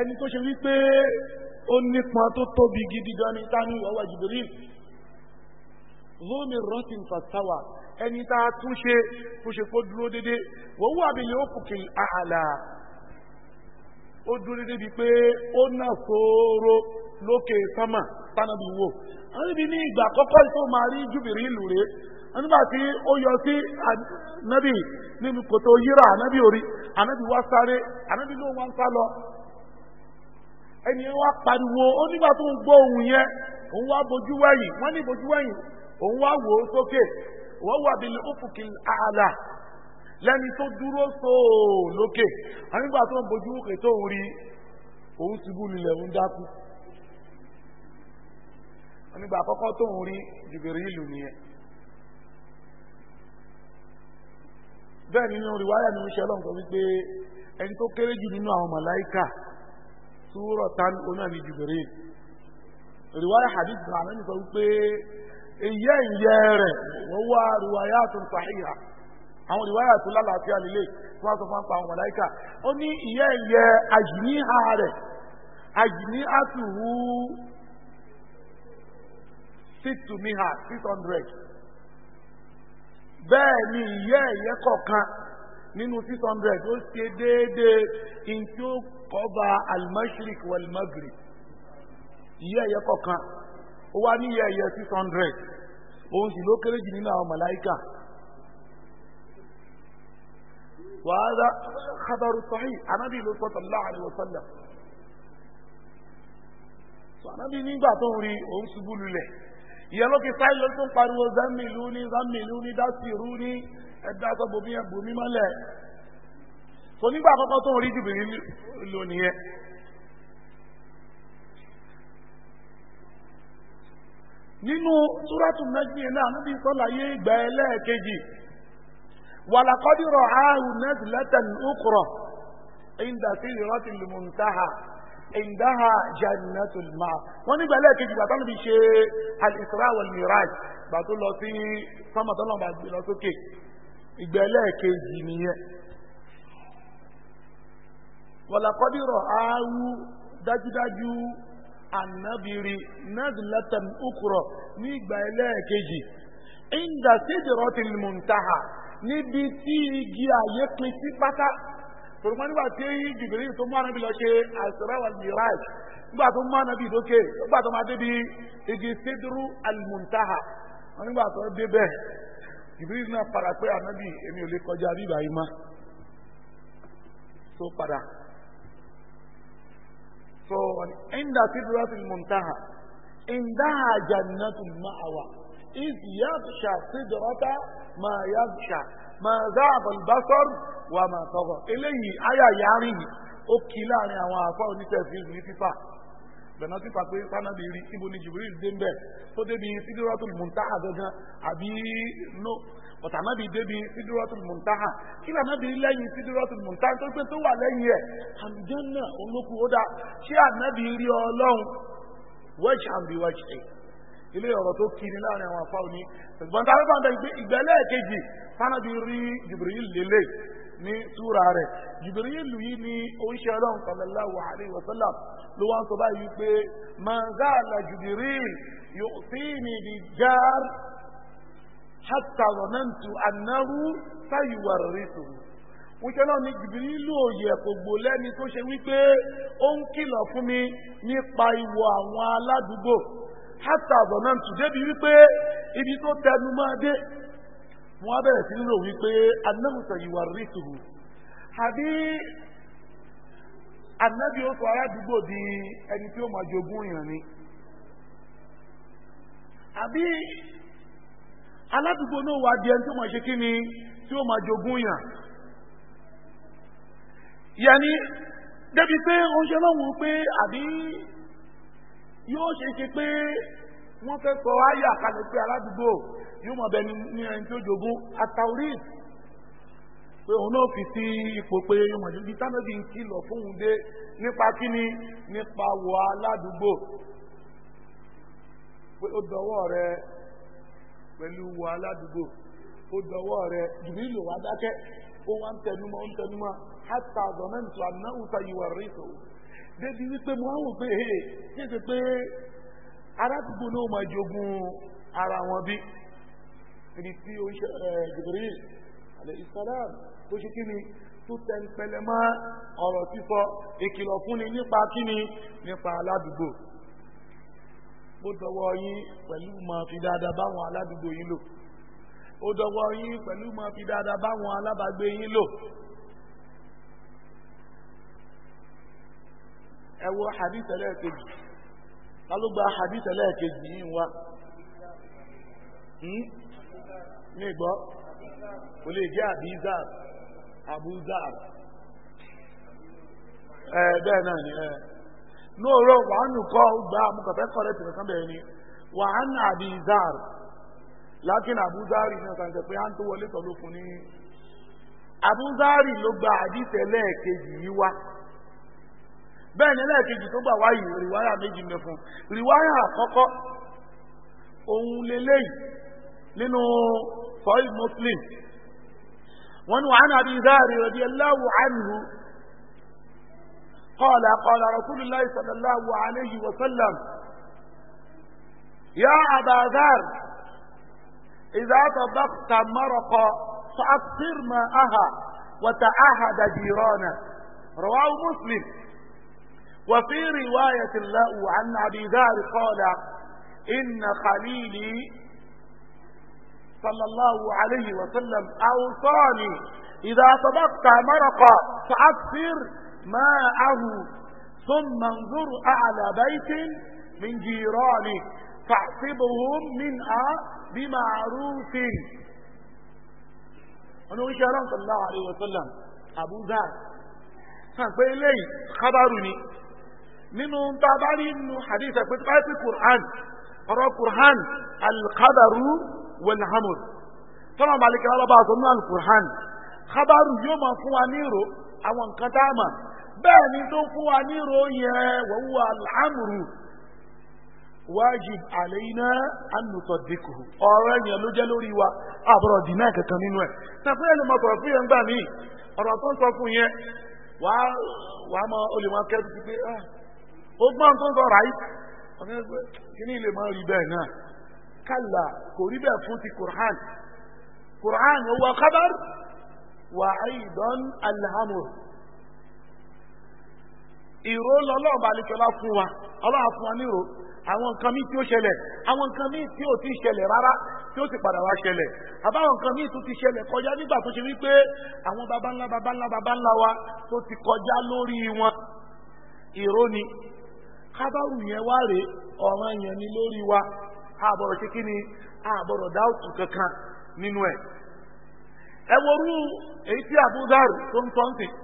Speaker 1: ẹni tó ṣe wípé ó nípa tó tóbi gidi gan ni tani wa huwa lómi rọ́tì fàtàwà ẹni tá a tún ṣe kó ṣe kó dúró dédé wọ́n wà mí lè ó kùkì àhàlà ó dúró dédé bíi pé ó nà sóró lókè sánmà tánàbí wò àwọn ibi ní ìgbà àkọ́kọ́ tó máa rí júbìrì ìlú rèé nígbà tí ó yọ sí ànábì nínú kòtò yíra ànábì orí ànábì wá sáré ànábì ló wá ń sá lọ ẹni wá pariwo ó nígbà tó ń gbọ́ ohun yẹn òun wá bojú wẹ̀yìn wọ́n ní bojú wẹ̀yìn òun wá wò ó sókè wọ́n wà bí lófùkì àlà lẹ́ni tó dúró sóò lókè ànígbà tó ń bojú òkè tó ń rí òun ṣubú lulẹ̀ òun dákú onígbà àkọ́kọ́ tó ń rí jìbìrì ìlú nìyẹn bẹ́ẹ̀ nínú ni wípé ẹni tó kéré jù nínú àwọn màláìkà tán hadith náà àná ìyẹ́ ìyẹ́ rẹ̀ wọ́n wá rìwáyà tó ń sàhíhà àwọn rìwáyà tó lálàáfíà lílé tó wá sọ fún apá àwọn màláíkà ó ní ìyẹ́ ìyẹ́ àjìníhà rẹ̀ àjìníhà tù hú six to miha six hundred bẹ́ẹ̀ ni ìyẹ́ ìyẹ́ kọ̀ọ̀kan nínú six hundred ó ṣe déédéé in tí ó kọ́ ba al-mashriq wal-maghrib ìyẹ́ ìyẹ́ kọ̀ọ̀kan ó wá ní yẹ̀yẹ̀ six hundred òun sì ló kéré jù nínú àwọn màláíkà wàhálà khabaru sahih anábì ló sọ sallallahu alaihi wasallam anábì nígbà tó ń rí òun ṣubú lulẹ̀ ìyẹn ló fi sáyé ló tún pariwo zamilu ni zamilu ni dasiru ni ẹgbẹ́ agbóbomi ẹgbómi mọ́lẹ̀ tó nígbà àkọ́kọ́ tó ń rí jùbìrì lónìí yẹn. nínú súrátù Najmi náà níbi sọ́láyé ìgbà ẹlẹ́ẹ̀kejì wàlàkọ́dìrọ̀ ààrùn nazlatan ukhra inda sidratil muntaha indaha jannatul ma'a wọ́n nígbà ẹlẹ́ẹ̀kejì bàtà níbi ṣe al-Isra wal Miraj bàtó lọ sí sọ́mọ̀tọ́lọ́ bá gbé lọ sókè ìgbà ẹlẹ́ẹ̀kejì nìyẹn wàlàkọ́dìrọ̀ ààrùn dájúdájú ànábìrì nàdìlẹ́tàn ukurọ̀ ní ìgbà ẹlẹ́ẹ̀kejì ìndà sídìrọ̀ ti mùntàhà níbi tí igi àyè pin sí pátá tòlùmọ́ nígbà tí jìbìrì tó mú ànábì lọ ṣe àṣírà wal miraj nígbà tó mú ànábì lókè nígbà tó máa débi igi sídìrú àlùmùntàhà wọn nígbà tó débẹ̀ jìbìrì náà padà pé ànábì èmi ò lè kọjá bíbá yìí má tó padà So عند سدرة المنتهى عندها جنة المأوى إذ يغشى سدرة ما يغشى ما ذاب البصر وما طغى إليه آية يعني أكلا ni àwọn àfa onítẹ̀sí ní fífà bẹ̀rẹ̀ fífà pé sanabi rí ibo ni Jibril dé ń bẹ̀ tó débi Sidratul Muntaha gangan àbí no ọ̀tà ànábì débi Sidratul Muntaha kí lànábì lẹ́yìn Sidratul Muntaha tó pé tó wà lẹ́yìn ẹ̀ àlùjánnà olókùn ó dá ṣé ànábì rí ọlọ́run wẹ́ẹ̀ṣì àǹbí wẹ́ẹ̀ṣì ẹ̀ ilé ọ̀rọ̀ tó kiri láàrin àwọn afáwọn ní ṣùgbọ́n tá a bá ń bẹ kejì fánábì rí Jibril lélẹ̀ ní súra rẹ̀ jìbìrìlù yìí ni oúnṣẹ́ ọlọ́run sallallahu alaihi wasallam ló wá ń sọ báyìí pé man zala yóò sí ní di jáàrù hata rọ̀nàntù anáhù sáyìwà rẹ̀ tó. wíṣẹ́ náà ni jìbìrìlù òye ẹ̀kọ́gbò lẹ́ni tó ṣe wípé ó ń kìlọ̀ fún mi nípa ìwọ àwọn aládùúgbò hata rọ̀nàntù débi wípé ibi tó tẹnu máa dé wọ́n á bẹ̀rẹ̀ sí nílò wípé anáhù sáyìwà rẹ̀ tó. àbí anábì ó sọ aládùúgbò di ẹni tí ó máa jogún ìrìn ni. àbí aládùúgbò náà wà di ẹni tí ó máa ṣe kí ni tí ó máa jogún yàn yẹni débi pé ó ń ṣe lọ́wọ́ pé àbí yóò ṣe ṣe pé wọ́n fẹ́ sọ ayé àkàlẹ̀ pé aládùúgbò yóò mọ̀ bẹni ní ẹni tó jogún àtàwórí pé òun náà fi sí ipò pé yóò tánàbí ń kìlọ̀ fóun dé nípa kíni nípa wọ aládùúgbò pé ó dọwọ́ rẹ pẹ̀lú wa aládùúgbò ó dọwọ́ rẹ̀ jùbí lò wá dákẹ́ ó wá ń tẹnumọ́ ń tẹnumọ́ hátà àgọ́mẹ́ntì ànáwùtà ìwà rí tó débi wípé mo àwọn pé hey kéde pé aládùúgbò náà máa jogun ara wọn bí ibi tí ó ń ṣe ẹ jùbìrí àlẹ ìsàlám tó ṣe kí ni tó tẹnpẹlẹ mọ́ ọ̀rọ̀ sísọ ìkìlọ̀ fúnni nípa kí ni nípa aládùúgbò. ó dọwọ́ yín pẹ̀lú mọ̀ fi dada báwọn aládùúgbò yín lò ó dọwọ́ yín pẹ̀lú mọ̀ fi báwọn yín lò. ẹ wo hadith kejì ta ló gba hadith ẹlẹ́ẹ̀kejì yìí wá ní
Speaker 2: hmm? ìgbọ́ kò
Speaker 1: lè jẹ́ ẹ bẹ́ẹ̀ ni ẹ. n'oro wàhánu kọ gbà mọ̀kàfẹ́ kọ́rẹ́ tìrẹ̀ kan bẹ̀rẹ̀ ni wàhánu àbízáàrù lákìn àbúzáàrì náà kàn jẹ́ pé à ń tó wọlé tọ́lú fún ní. àbúzáàrì ló gba àdìsẹ́ lẹ́ẹ̀kejì yìí wá bẹ́ẹ̀ ni lẹ́ẹ̀kejì tó gbà wáyé rìwáyà méjì mẹ́fun rìwáyà àkọ́kọ́ òun lélẹ́yìí nínú fọyín muslim wọ́n ní wàhánu àbízáàrì radiyallahu anhu قال قال رسول الله صلى الله عليه وسلم يا أبا ذر إذا طبخت مرقا فأكثر ماءها وتعهد جيرانك رواه مسلم وفي رواية له عن أبي ذر قال إن خليلي صلى الله عليه وسلم أوصاني إذا طبخت مرقا فأكثر ماءه ثم انظر اعلى بيت من جيرانه فاعصبهم من بمعروف انه اشار صلى الله عليه وسلم ابو ذر فبيلي خبرني من تابعني من حديث كتبة القرآن قراء القرآن القدر والعمر صلى الله عليه وسلم القرآن خبر يوم فوانيرو أو انقدامه bẹ́ẹ̀ ni tó fún wa ní ròyìn ẹ wọ́wọ́ aláàmùrù wájib àlẹ́yìnà ànùtọ̀dẹ́kù ọ̀rọ̀ ẹ̀yàn ló jẹ́ lórí wa àbọ̀rọ̀ dìnnà kankan nínú ẹ̀ tàbí ẹni mọ̀ sọ̀rọ̀ fún yẹn gbà mí ọ̀rọ̀ tó ń sọ fún yẹn wà á mọ olùmọ̀ akẹ́rù ti pé ah, ó gbọ́n tó ń sọ ráyì ọ̀gá ẹgbẹ́ kíní ilé máa rí bẹ́ẹ̀ náà kálà kò rí bẹ́ẹ̀ fún ti kùrán kùrán ó wà kábàr wà áyìdán alhamur ìró lọ́lọ́ọ̀bà àlejòlá fún wa ọlọ́run fún wa nírò àwọn nǹkan míì tí ó ṣẹlẹ̀ àwọn nǹkan míì tí ò ti ṣẹlẹ̀ rárá tí ó ti padà wá ṣẹlẹ̀ àbáwọn nǹkan míì tó ti ṣẹlẹ̀ kọjá nígbà tó ṣe wípé àwọn baba ńlá baba wa tó ti kọjá lórí wọn ìró ni kábàrù yẹn wá rèé ọ̀ràn wa àbọ̀rọ̀ ṣe kí ni àbọ̀rọ̀ dáùtù kankan nínú ẹ̀ ẹ èyí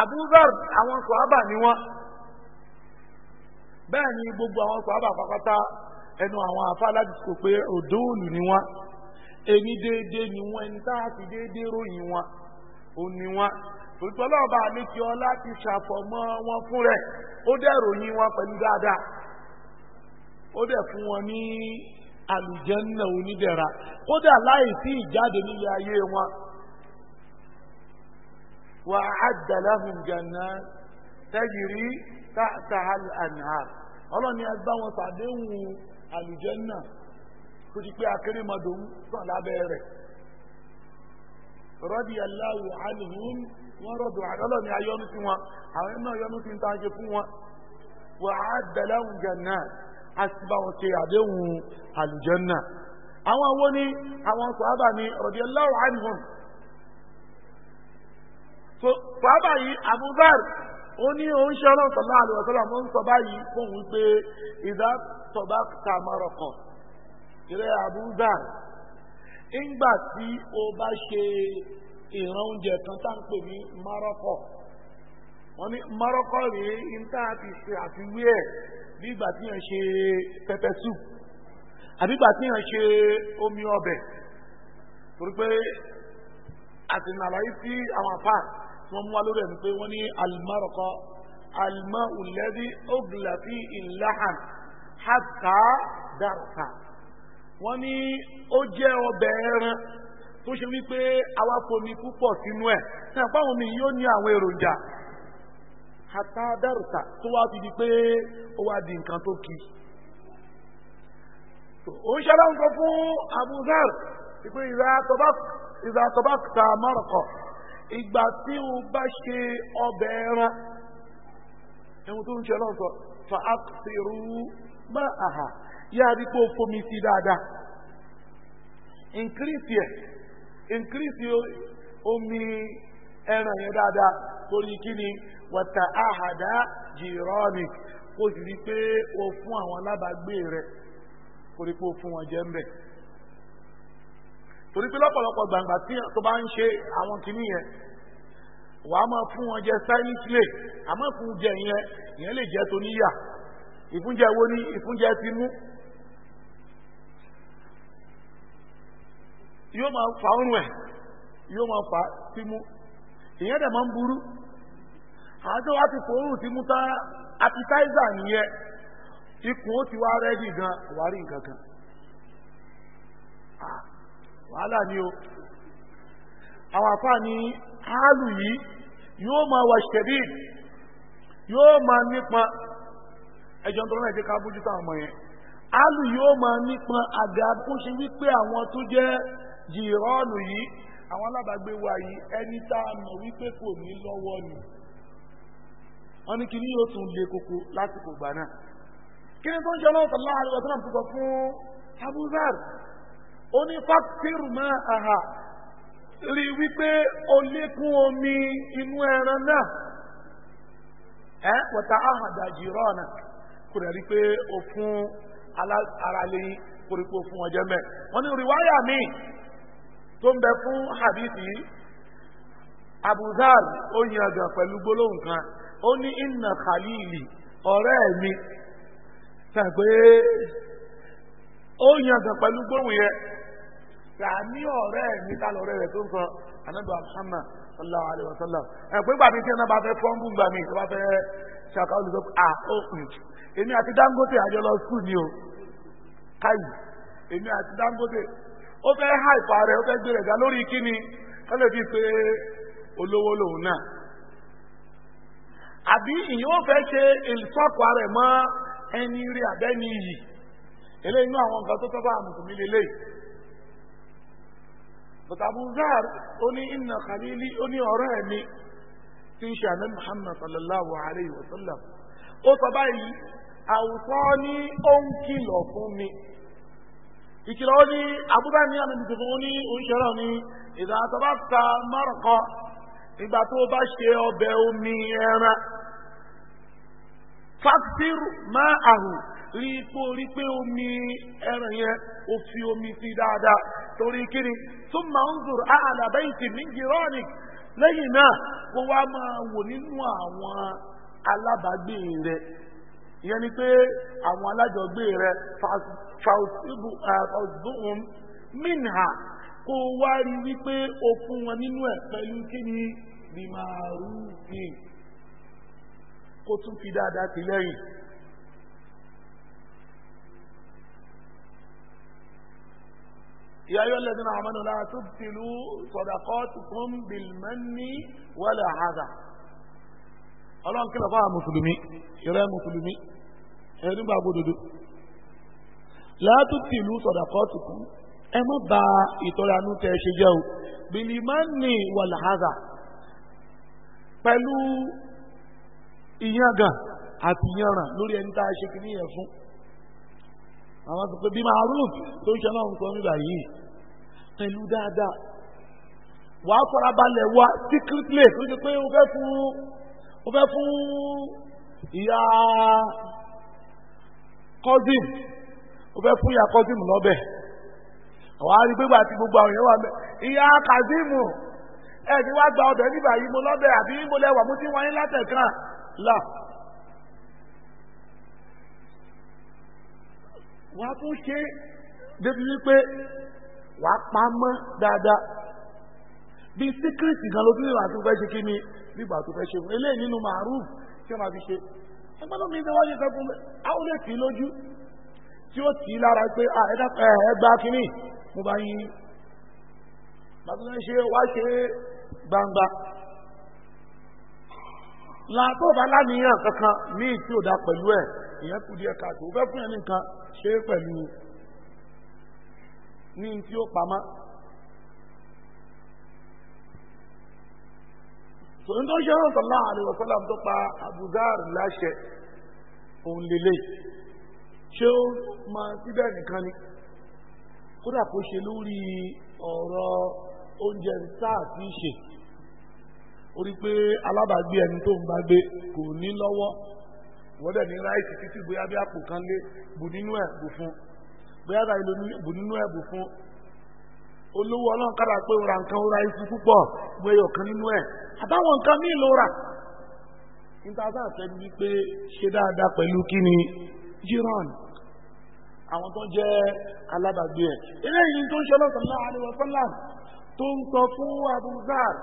Speaker 1: abudar àwọn sọ̀hábà ni wọ́n bẹ́ẹ̀ ni gbogbo àwọn sọ̀hábà pápátá ẹnu àwọn afáàlájú kò pé òdòòlù ni wọ́n ẹni déédéé ni wọ́n ẹni tá a fi déédéé ròyìn wọn ò ní wọn olùtọ́lọ́ọ̀bà àlékí ọlá ti ṣàfọ̀mọ́ wọn fún rẹ̀ ó dẹ̀ ròyìn wọn pẹ̀lú dáadáa ó dẹ̀ fún wọn ní àlùjànnà onídẹ̀ra kódà láì sí ìjáde nílé ayé wọn وأعد لهم جنات تجري تحتها الأنهار ọlọ́run ni ẹgbẹ́ wọn ṣàdéhùn àlùjẹ́nà tó ti pé akérèmọdò ń sàn lábẹ́ rẹ̀ radiyallahu anhum wọ́n rọ̀dọ̀ ọlọ́run ni ayọ́nu sí wọn àwọn náà yọ́nu sí ń tán ṣe fún wọn wa'adda lahum jannat a sì bá wọn ṣe àdéhùn àlùjẹ́nà àwọn wo ni àwọn sàhábà ni radiyallahu anhum pàápàá yìí Abubakar ó ní òun ṣe ọlọ́run sọ̀lá àlùwọ̀sọ́lá mọ́ ń sọ báyìí fóun pé ìdá tọba kàmọ́rọ̀kọ̀ ìrẹ́ Abubakar ńgbà tí o bá ṣe ìran oúnjẹ kan tá à ń pè ní mọ́rọ́kọ̀ wọ́n ní mọ́rọ́kọ̀ rèé níta ti ṣe àfiwé ẹ̀ nígbà tí yàn ṣe pẹpẹ soup àbígbà tí yàn ṣe omi ọbẹ̀ torí pé àtìnàlàyé sí àwọn apáàtì wọ́n mú wa lórí ẹni pé wọ́n ní alimọ́rọ̀kọ alimọ́ ulẹ́bí ogilàfi ìlàhàn hàtà dàrúkà wọ́n ní ó jẹ́ ọbẹ̀ ẹran tó ṣe wípé àwa fomi púpọ̀ sínú ẹ̀ náà báwọn mi yóò ní àwọn èròjà hàtà dàrúkà tó wá fi di pé ó wá di nǹkan tó kì í ó ń ń sọ fún Abu Dharr ìpè ìzà mọ́rọ̀kọ̀. ìgbà tí o bá ṣe ọbẹ̀ ẹran ẹ̀hun tó ń ṣe lọ́sọ̀ fa àkùsẹ̀rù àhà yá rí pé o omi ẹran yẹn dáadáa torí kí ni wàtà àhàdá jìrọ́ọ̀nì kó sì rí pé o fún àwọn alábàágbé rẹ kó rí pé fún wọn jẹ́ torí pé lọ́pọ̀lọpọ̀ gbàǹgbà tí tó bá ń ṣe àwọn kìíní yẹn wà á máa fún wọn jẹ silently àmọ́ ìfúnjẹ yẹn yẹn lè jẹ́ tó níyà ìfúnjẹ wo ni ìfúnjẹ ti mú yóò máa fa ọrùn ẹ̀ yóò máa fa ti mú ìyẹn dẹ̀ máa ń burú àti wá ti fòórùn ti mú tá appetizer nìyẹn ikùn ó ti wá rẹ́dì gan wàá rí nǹkan kan. Ah, wàhálà ni o àwọn àfáà ní áàlù yìí yóò máa wà ṣẹ̀dí yóò máa nípa ẹjọ́ tó náà jẹ́ ká bójú táwọn ọmọ yẹn áàlù yóò máa nípa àga bó ṣe wípé àwọn tó jẹ́ jìrọ́ọ̀nù yìí àwọn alábàágbé wa yìí ẹni tá a mọ̀ wípé kò ní lọ́wọ́ ni wọ́n ní kí ní yóò tún le koko lásìkò gbà náà kí ni tó ń ṣe ọlọ́run sọ̀rọ̀ láàrin ọ̀sán àti fún Abu ó ní fákítírù máa àhà rí wípé o lékún omi inú ẹran náà ẹ wọ́tá àhàdà jìrọ̀ ọ̀nà kò rẹ̀ rí pé o fún aráàlẹ́ koríko fún ọjọ́ mẹ́ wọ́n ní rìwáyà mi tó ń bẹ fún hadithi abuzar ó yan àgàn pẹ̀lú gbólóhùn kan ó ní inna khalili ọ̀rẹ́ mi tàgbé ó yan àgàn pẹ̀lú gbólóhùn yẹn sàmí ọ̀rẹ́ mi ta lọ̀rẹ́ rẹ̀ tó ń sọ anábà Muhammad sallallahu alayhi wa sallam ẹ̀pẹ́ gbàmí tí ẹ̀nà bá fẹ́ fọ́nbù gbàmí tó bá fẹ́ ṣàkà olùsọ à ó èmi àti Dangote àjọ lọ ni o káyì èmi àti Dangote ó fẹ́ hà ìfà rẹ̀ ó fẹ́ gbé rẹ̀ ga lórí kíni ó lè fi pé olówó lòun náà àbí ìyẹn ó fẹ́ ṣe ìsọ́kọ̀ rẹ̀ mọ́ ẹni rí àbẹ́ni yìí eléyìí inú àwọn nǹkan tó tọ́ bá àmùsùn mi lélẹ́yìí bàtà abuzar ó ní inna khalili ó ní ọ̀rọ̀ ẹ̀ ni tí ń ṣe àná muhammad sallallahu alayhi wa sallam ó sọ báyìí àwùjọ ní ó ń kìlọ̀ fún mi ìkìlọ̀ ó ní abúlé ní àmì ìdìbò ó ní oníṣẹ́rọ̀ ní ìdá àtọ́bá ta márùkọ ìgbà tó bá ṣe ọbẹ̀ omi ẹran fásitì máa àrùn rí pé pé omi ẹran yẹn fi omi sí dáadáa torí kíni tó máa ń zòrò àlàbẹ́ ìtì ní gírọ́ọ̀nì lẹ́yìn náà kó wá máa wò nínú àwọn alábàágbé rẹ̀ ìyẹn ni pé àwọn alájọgbé rẹ̀ fàùsùbùn mìnà kó wá rí wípé o fún wọn nínú ẹ̀ pẹ̀lú kíni bímárùfin kó tún fi dáadáa ti lẹ́yìn. يا أيها الذين آمنوا لا تبطلوا صدقاتكم بالمن ولا عذا ọlọ́run kí lọ́fà mùsùlùmí ìrẹ́ mùsùlùmí ẹni bá gbódòdó látúntì ìlú sọ̀dàkọ́tùkù ẹ má ba ìtọ́ra nù tẹ́ ṣe jẹ́ o bìlìmánì wàlàhàzà pẹ̀lú ìyàngàn àti ìyànràn lórí ẹni tá a ṣe kìíní yẹn fún àwọn sọ pé bí màrúf tó ń ṣe ọlọ́run sọ nígbà yìí pẹ̀lú dáadáa wà á fara balẹ̀ wá secret place ó ṣe pé ó fẹ́ fún ó fẹ́ fún ìyá cousin ó fẹ́ fún ìyá cousin lọ́bẹ̀ àwọn arígbégbà àti gbogbo àwọn èèyàn wà mẹ́ ìyá kazeemu ẹ̀ ní wàá gba ọbẹ̀ nígbà yìí mo lọ́bẹ̀ àbí mo lẹ́wà mo ti wáyé látẹ̀kàn là. wà á tún ṣe débi wípé wà á pamọ́ dáadáa bí síkírìtì gan lójú ìwà tó fẹ́ ṣe kí ni bíbà tó fẹ́ ṣe fún eléyìí nínú màrúù tí wọ́n fi ṣe ẹgbẹ́nu mi ṣe wáyé sẹ́kùn àwọn lè tì í lójú tí ó tì í lára pé ẹgbà kínní mo bá yín bàtúndé ṣe wá ṣe gbangba látọ̀ bá láníyàn kankan míì tí ò dá pẹ̀lú ẹ̀ ìyẹn kù díẹ̀ káàtó ó fẹ́ fún yẹn nìkan ṣe é pẹ̀lú ní tí ó pamọ́ sọ̀rọ̀ tó ń ṣe ọ̀sán láàrin ọ̀sọ́lá tó pa abuzar láṣẹ òun lélẹ̀ ṣé ó máa síbẹ̀ nìkan ni kódà kó ṣe lórí ọ̀rọ̀ oúnjẹ sáà tí ń orí pé alábàágbé ẹni tó ń bá gbé kò ní lọ́wọ́ wọ́n dẹ̀ ní ráìsì títí bóyá bí àpò kan lé bù nínú ẹ̀ bù fún bóyá dà ìlú bù nínú ẹ̀ bù fún olówó ọlọ́run kára pé ó ra nǹkan ó ra iṣu púpọ̀ bóyá ọ̀kan nínú ẹ̀ àbáwọn nǹkan míì ló rà níta bá fẹ́ ní pé dáadáa pẹ̀lú kí ni jiran àwọn tó jẹ́ alábàgbé ẹ̀ eléyìí tó ń ṣe ọlọ́sàn náà àdìwọ̀sán náà tó ń sọ fún abuzar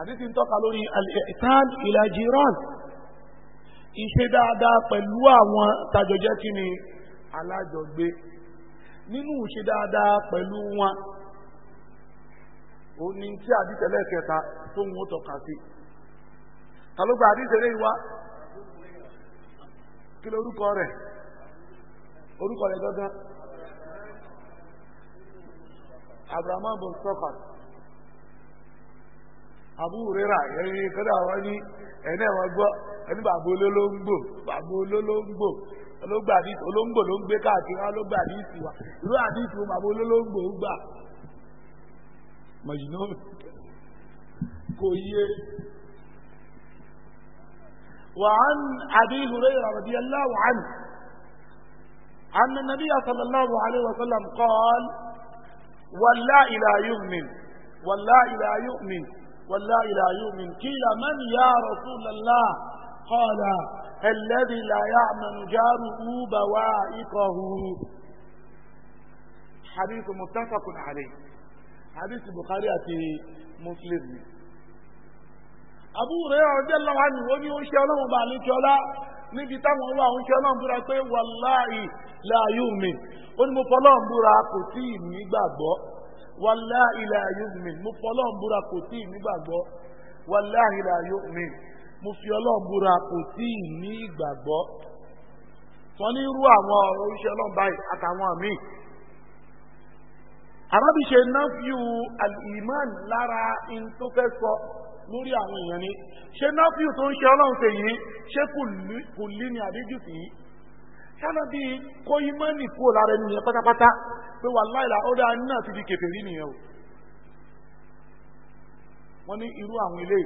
Speaker 1: àdìsí ń tọ́ka lórí al-ihsan ila jiran ìṣe dáadáa pẹ̀lú àwọn tajọjẹ́ kí ni alájọgbé nínú ìṣe dáadáa pẹ̀lú wọn O ní tí àdìsẹ́lẹ̀ kẹta tó ń wọ́n tọ́ka sí ta ló gba àdìsẹ́lẹ̀ yìí wá kí ló orúkọ rẹ̀
Speaker 2: orúkọ rẹ̀ gangan abrahamu bin sọfàtì
Speaker 1: abúrera ẹyin kọ́dà wọ́n ní ẹ̀yìn náà wọ́n gbọ́ ẹni bàbá olólóńgbò bàbá olólóńgbò olóńgbàdì olóńgbò ló ń gbé káàkiri wọn olóńgbàdì ìsì wa ìlú àdìsí wọn bàbá olólóńgbò ń gbà mọ̀jìnà kò yé وعن أبي هريرة رضي الله عنه أن النبي صلى الله عليه وسلم قال والله لا يؤمن والله لا يؤمن والله لا يؤمن قيل من يا رسول الله قال الذي لا يعمل جاره بوائقه حديث متفق عليه حديث البخاري
Speaker 2: مسلم
Speaker 1: Abu Hurairah radiyallahu anhu wọ́n ní ó ń ṣe ọlọ́run bá ní kíọ́lá níbi táwọn wà ń ṣe ọlọ́run búra pé wallahi la yu'min ó ní mo fọlọ́run búra kò tí ì nígbàgbọ́ wallahi la yu'min mo fi ọlọ́run búra kò tí ì nígbàgbọ́ wallahi la yu'min mo fi ọlọ́run búra kò tí ì ní ìgbàgbọ́ wọ́n ní irú àwọn ọ̀rọ̀ iṣẹ́ ọlọ́run báyìí àtàwọn míì arábìṣe náfíù al-iman lára in sọ lórí àwọn èèyàn ni ṣé náfíù tó ń ṣe ọlọ́run tèyí ṣé kò lí ní àdéjù sí kánábì kó ìmánì kúrò lára ẹni yẹn pátápátá pé wàláhì ó dá náà ti di kèfèrí nìyẹn o wọ́n ní irú àwọn ilé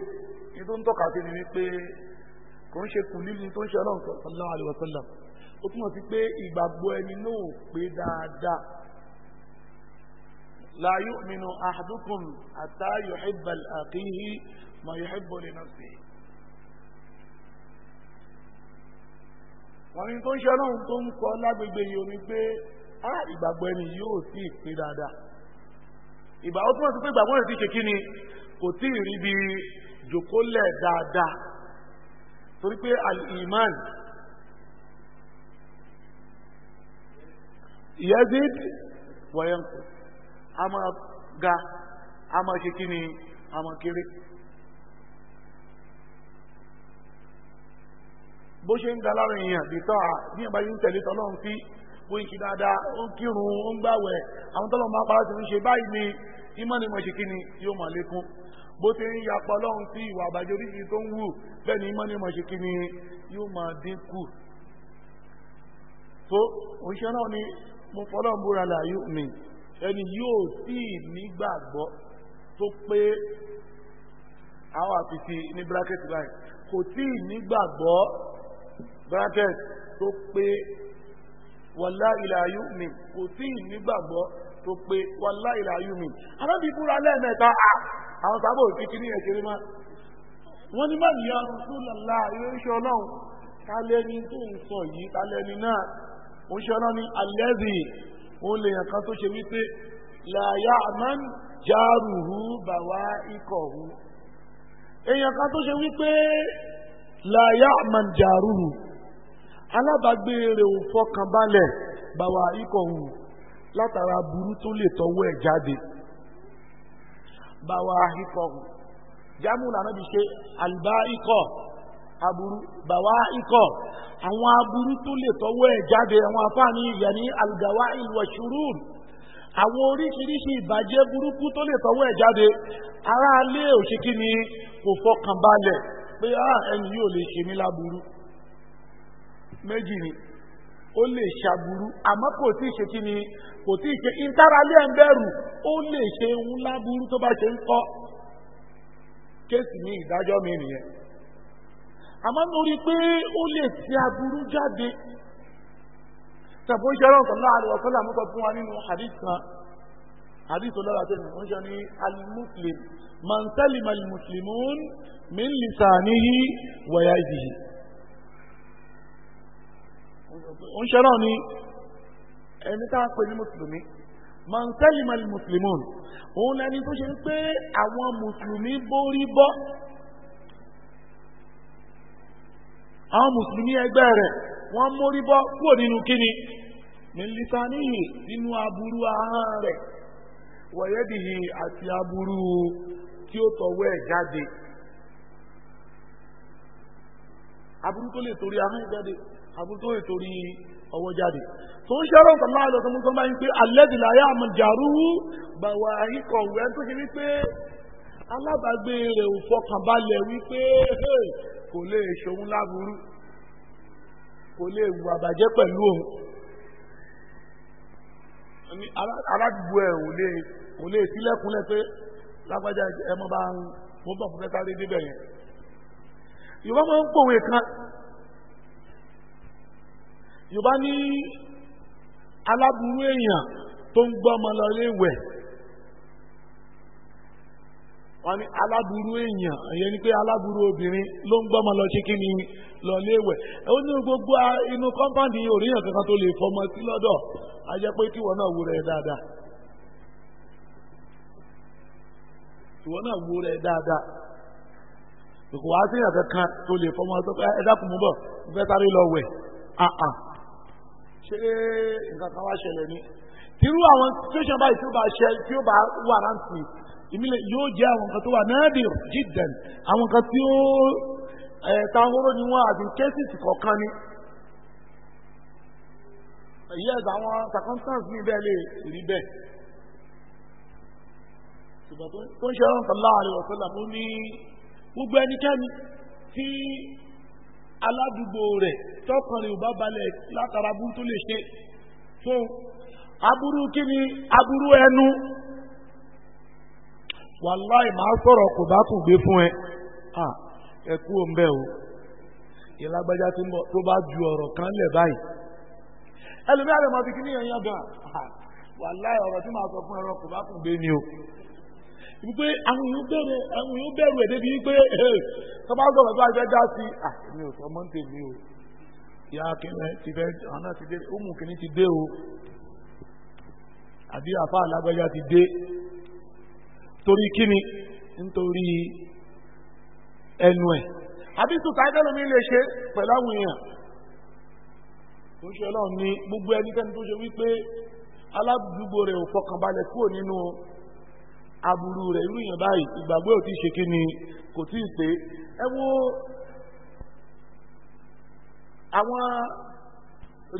Speaker 1: ní tó ń tọ́ka sí ni wípé kò ń ṣe kùlí ni tó ń ṣe ọlọ́run sallallahu alaihi wasallam ó túmọ̀ sí pé ìgbàgbọ́ ẹni náà pé dáadáa la yu'minu ahadukum hatta yuhibba li akhihi ma yuhibbu li nafsihi wọ́n ní tó ń ṣe ọlọ́run tó ń kọ lágbègbè yìí omi pé á ìgbàgbọ́ ẹni yóò sì pín dáadáa ìgbà ó túmọ̀ sí pé ìgbàgbọ́ rẹ̀ ti ṣe kí ni kò tí ì rí bí jòkólẹ̀ dáadáa torí pé al-iman yazid wọ̀nyẹn kù a máa ga a máa ṣe kí ni a máa kéré. bó ṣe ń da lára èèyàn bìtọ́ à bí ẹ̀ bá yín tẹ̀lé tọ́lọ́run sí bó ń kí dáadáa ó ń kírun ó ń gbàwẹ̀ àwọn tọ́lọ́run bá pará ti ń ṣe báyìí ni ìmọ̀ ṣe kí yóò mọ̀ lékún bó ti ń yapọ̀ ọlọ́run sí ìwà àbàjẹ́ oríṣi tó ń wù bẹ́ẹ̀ ni ìmọ̀ ṣe kí yóò mọ̀ dínkù. tó òṣìṣẹ́ náà ni mo fọlọ́ búra láàyè mi ẹni yóò sì nígbàgbọ́ tó pé àwọn àfìsí ní bírákẹ́tì báyìí kò tí ì nígbàgbọ́ bracket tó pé wàlá ìlàyú mi kò tí ì nígbàgbọ́ tó pé wàlá ìlàyú mi alábi búra lẹ́ẹ̀mẹ́ta ah, àwọn sábà ò kíkí ní ẹ̀kẹ́rẹ́ má wọ́n ní má nìyà rúsùlọ́lá iléeṣẹ́ ọlọ́run tálẹ́ni tó ń sọ yìí tálẹ́ni náà òun ṣe ọlọ́ni alẹ́bì òun lèèyàn kan tó ṣe wípé làyà àmán járùhù bàwá ikọ̀hù èèyàn kan tó ṣe wípé làyà àmán járùhù alábàágbé rẹ̀ ò fọkàn balẹ̀ bàwà ikọ̀ wù látara burú tó lè tọwọ́ ẹ̀ jáde bàwà ikọ̀ wù jámù lànà bí ṣe àlùbá ikọ̀ aburú bàwá ikọ̀ àwọn aburú tó lè tọwọ́ ẹ̀ jáde àwọn afáàní àwọn oríṣiríṣi ìbàjẹ́ burúkú tó lè tọwọ́ ẹ̀ jáde ni kò fọkàn balẹ̀ pé ah, ẹni yóò lè ṣe mí láburú méjì ni ó lè ṣàbùrú àmọ́ kò tí ì ṣe kí ni kò tí ì ṣe ìtaralé ẹ̀ ń bẹ̀rù ó lè ṣe ńlá burú tó bá ṣe ń kọ́ kéèsì ní ìdájọ́ mi nìyẹn àmọ́ nítorí pé ó lè ti aburú jáde tàbí ó jẹ́ ọ̀rọ̀ náà àríwá sọ́là mú sọ fún wa nínú hadith kan hadith tó nìkan ṣe ní alimuslim man salima alimuslimun min lisanihi wa yadihi
Speaker 2: ó ń ṣe náà ni
Speaker 1: ẹni tá a pè ní mùsùlùmí mọ̀nsẹ́lìmọ̀ mùsùlùmí òun lẹni tó ṣe ń pé àwọn mùsùlùmí borí bọ́ àwọn mùsùlùmí ẹgbẹ́ rẹ̀ wọ́n mórí bọ́ kúrò nínú kíni mílíta níhì nínú aburú ahọ́n rẹ̀ wọ̀yẹ́dìhì àti aburú tí ó tọwọ́ ẹ̀ jáde aburú tó lè torí ahọ́n jáde àbútó ìtorí ọwọ́ jáde tó ń ṣẹ́rọ̀ pẹ̀lú àlọ́ tó mú sọ báyìí pé alẹ́dìlá yá àmọ́ jàrúwú gbàwà ikọ̀ wẹ́ tó ṣe wípé alábàgbé rẹ̀ ò fọkànbalẹ̀ wípé kò lè ṣòun láburú kò lè wù àbàjẹ́ pẹ̀lú òun aládùúgbò ẹ̀ ò lè kò lè sílẹ̀kúnlẹ̀ pé lágbájá ẹ̀ mọ́ bá ń mọ́ bá fún fẹ́ sáré débẹ̀ yẹn ìwọ́n máa ń pòwe kan yorùbá ní aláburú èèyàn tó ń gbọ́ ọmọ lọlé wẹ̀ wọ́n ní aláburú èèyàn ìyẹn ni pé aláburú obìnrin ló ń gbọ́ ọmọ lọ ṣe kí ni lọlé wẹ̀ ó ní gbogbo inú kọ́ńpáǹdì yìí òríyàn kankan tó lè fọmọ sí lọ́dọ̀ a jẹ́ pé kí wọ́n náà wo dáadáa ìwọ náà wo rẹ̀ dáadáa kò wá sí ìyàn tó lè fọmọ sọ pé ẹ sáré lọ wẹ̀ ah ah ṣé nǹkan kan wá ṣẹlẹ̀ ni irú àwọn situation báyìí tí ó bá ṣe tí ó bá wà rántí ìmílẹ̀ yóò jẹ́ àwọn nǹkan tó wà nadir jiddan àwọn nǹkan tí ó tahoro ni wọ́n àti cases kọ̀ọ̀kan ni yes àwọn circumstance mi bẹ́ẹ̀ lè rí bẹ́ẹ̀ ṣùgbọ́n tó ń ṣe ọ̀rọ̀ sallallahu alaihi wasallam ní gbogbo ẹnikẹ́ni tí. aládùúgbò rẹ̀ tọkànrin ò bá balẹ̀ látara burú tó lè ṣe so aburú kí ni aburú ẹnu wàláì máa sọ̀rọ̀ kò bá kù gbé fún ẹ ẹ kú o ń bẹ o ìlágbájá tó bá ju ọ̀rọ̀ kan lẹ̀ báyìí lè mọ bí kí ni wàláì ọ̀rọ̀ tí màá sọ fún ẹ̀rọ kò bá kù wípé àwọn èèyàn bẹ̀rù àwọn èèyàn bẹ̀rù ẹ̀ débi wípé eh, tó bá sọ̀rọ̀ tó àṣẹ dá sí à ah, mi ò sọ mọ́ǹtè mi o ìyá kẹlẹ ti fẹ́ àná ti dé ọmú kìíní ti dé o àbí àfa alágbájá ti dé torí kíni nítorí ẹnu ẹ̀ àbí sùkà ẹgbẹ́lómi lè ṣe pẹ̀lú àwọn èèyàn tó ṣe ọlọ́run ní gbogbo ẹnikẹ́ni tó ṣe wípé aládùúgbò rẹ̀ ò fọkànbalẹ̀ kúrò nínú aburú rẹ̀ irú yẹn báyìí ìgbàgbọ́ ò ti ṣe kí ni kò tí ì pé ẹ wo àwọn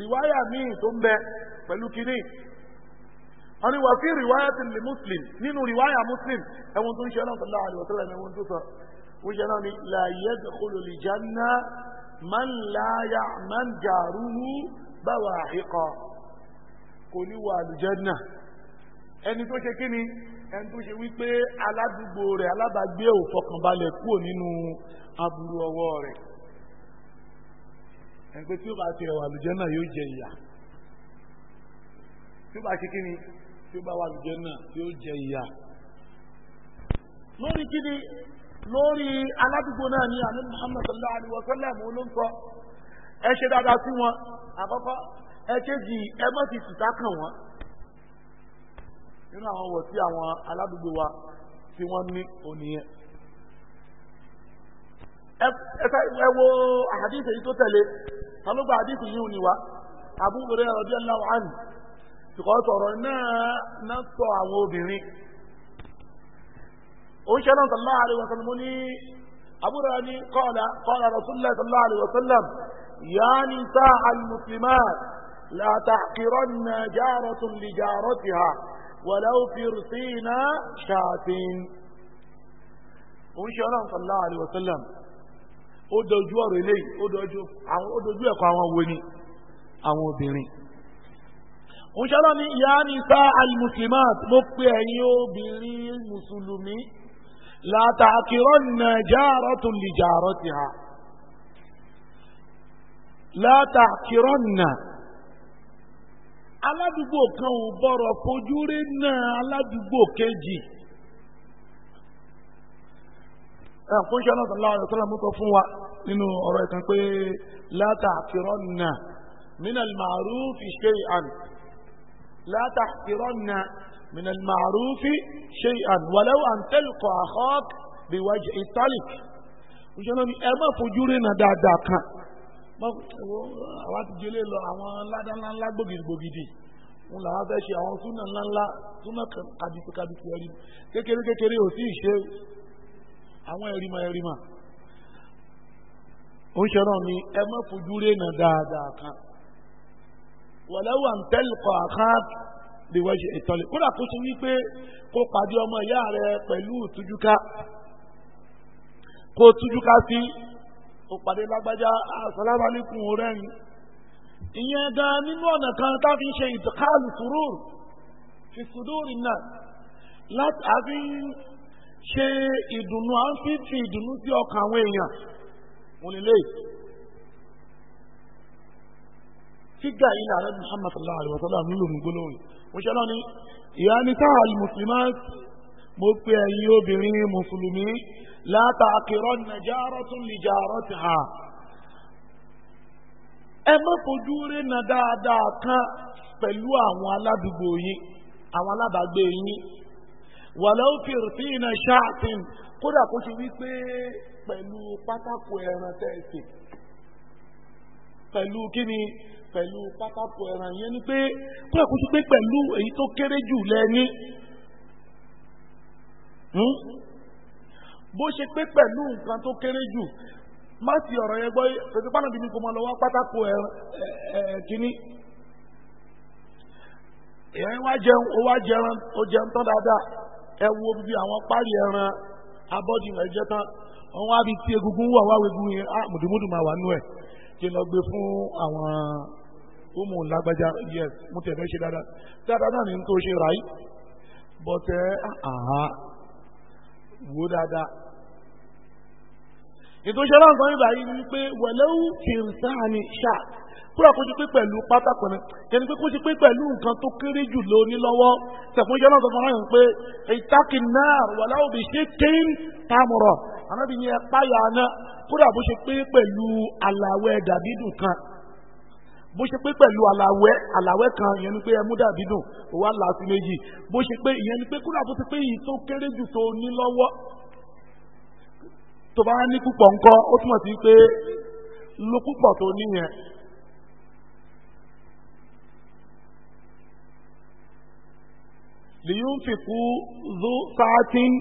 Speaker 1: rìwáyà míì tó ń bẹ pẹ̀lú kínní wọ́n ní wà fí rìwáyà ti lè muslim nínú rìwáyà muslim ẹ̀wọ̀n tó ń ṣe náà sallallahu alaihi wasallam ẹ̀wọ̀n tó sọ wọ́n ṣe náà ni la yadkhulu al-janna man la ya'man jaruhu bawahiqa kò ní wà al-janna ẹni tó ṣe kí ni ẹni tó ṣe wípé aládùúgbò rẹ̀ alábàágbé ò fọkànbalẹ̀ kúrò nínú aburú ọwọ́ rẹ̀ ẹni tí ó bá ti ẹ̀wà àlùjẹ́ náà yóò jẹ ìyà tí ó bá ṣe kí ni tí ó bá wà àlùjẹ́ náà yóò jẹ ìyà lórí kí ni lórí aládùúgbò náà ni àmì Muhammad sallallahu alaihi wa sallam ló ń sọ ẹ ṣe dáadáa sí wọn àkọ́kọ́ ẹ ṣe jì ẹ má ti tìta kàn wọ́n. nínú àwọn ọwọ́ tí àwọn aládùúgbò wa tí wọ́n ní ònìyẹn. ẹ wo àdìsẹ yìí tó tẹ̀lé ta àdìsẹ gba àdìsí yìí òní wa Abu Hurairah radiyallahu anhu ṣùgbọ́n sọ̀rọ̀ náà náà sọ àwọn obìnrin. oúnjẹ náà sallallahu wọn wasallam mo ní Abu Hurairah ní qala qala Rasulullah sallallahu wọn wasallam ya nisaa al-muslimat la tahqiranna jaratun li ha ولو fi شاتين iná ṣàfihàn òun ṣe ọlọ́run sallallahu alaihi wasallam ó dojú ọ̀rọ̀ eléyìí ó dojú ẹ̀kọ́ àwọn wo ni àwọn obìnrin òun ṣe ọlọ́run ní ìyá ní sá alimuslimat mo pe ẹ̀yin obìnrin mùsùlùmí látàkìrọ̀nà járọ̀tún lè járọ̀ ti ha látàkìrọ̀nà aládùúgbò kan ò bọ̀rọ̀ fojú rí náà aládùúgbò kejì. àkóńṣe náà sọ̀rọ̀ àwọn ìṣọ́lá mọ́tò fún wa nínú ọ̀rọ̀ ìtàn pé látàkìrọ̀nà minal ma'rufi shay'an látàkìrọ̀nà minal ma'rufi shay'an walau an talqa akhaka biwajhi talik. ìṣọ́lá ni ẹ má fojú rí náà dáadáa kan àwa ti jẹlé lọ àwọn ńláńlá ńláńlá gbògidìgbògidì wọn làwọn fẹ́ ṣe àwọn súnà ńláńlá súnà kàbìtì kàbìtì ẹ̀rí kékeré kékeré ò sí ìṣe àwọn ẹ̀rìmọ̀ ẹ̀rìmọ̀ ó ń ṣẹ́ràn ni ẹ má fojú rénà dáadáa kan wọ̀lẹ́wò à ń tẹ́lùkọ̀ àkán lè wọ́n ṣe ìtọ́lẹ̀ kódà kó ṣe wípé kó pàdé ọmọ ìyá rẹ pẹ̀lú ìtújúká kó tújúká sí ó pàdé lágbájá ah, assalamu alaikum rẹ́rìn ìyẹn gan nínú ọ̀nà kan tá fi ń ṣe ìdíkàlù surur fi sùdúrì náà láti àfi ṣe ìdùnnú à ń fi fi ìdùnnú sí ọkàn àwọn èèyàn wọn lè lè fígà ilẹ̀ ààrẹ muhammad sallallahu alaihi wa sallam nílò ògúngbólóhùn mo ṣe lọ́ni ìyá ní táwọn mùsùlùmí mo pe ẹ̀yin obìnrin mùsùlùmí لا تعقرن جارة لجارتها ẹ má fojú na dáadáa kan pẹ̀lú àwọn aládùúgbò yín àwọn alábàágbé yín wàlẹ́ òfin tí iná kódà kó ṣe wípé pẹ̀lú pátákó ẹran pẹ̀lú kíni ẹran yẹn bó ṣe pé pẹ̀lú nǹkan tó kéré jù má ti ọ̀rọ̀ yẹn gbọ́ pẹ̀lú pàdánù bí mi kò mọ lọ wá pátákó ẹ̀ ẹ̀ kínní. èèyàn wá jẹun ó wá jẹran ó jẹun tán dáadáa ẹ wo bí àwọn párí ẹran abọ́dì rẹ̀ jẹ́ tán wọ́n wá bí tí egungun wà wá wegun yẹn á ah, mùdùmùdù máa wà nú ẹ̀ kí n lọ gbé fún àwọn ọmọ lágbájá yes mo tẹ̀lé ṣe dáadáa dáadáa náà ni n tó ṣe ráyé bọ́tẹ́ eh, ah, ah, wò dáadáa ìtúnṣe náà sọ nígbà yìí ni pé wẹ̀lẹ́wù kìrìsáàní ṣá kúrò kó ṣe pé pẹ̀lú pátákó ni yẹn ni pé kó ṣe pé pẹ̀lú nǹkan tó kéré jù lọ ní lọ́wọ́ tẹ̀kúnṣe náà sọ fún wọn pé ìtàkì náà wẹ̀lẹ́wù bí ṣe kéń tamọ̀rọ̀ àná bí yẹn páyà náà kúrò àbúṣe pé pẹ̀lú àlàwẹ̀ dàbídùn kan bó ṣe pé pẹ̀lú àlàwẹ́ àlàwẹ́ kan ìyẹn ni pé ẹmú dàbí dùn òwò àlàáfíà méjì bó ṣe pé ìyẹn ni pé kúrò àbó pé yìí tó kéré jù tó ní lọ́wọ́ tó bá ní púpọ̀ ńkọ́ ó túmọ̀ sí pé lo púpọ̀ tó níyẹn. liyunfiqu zu sa'atin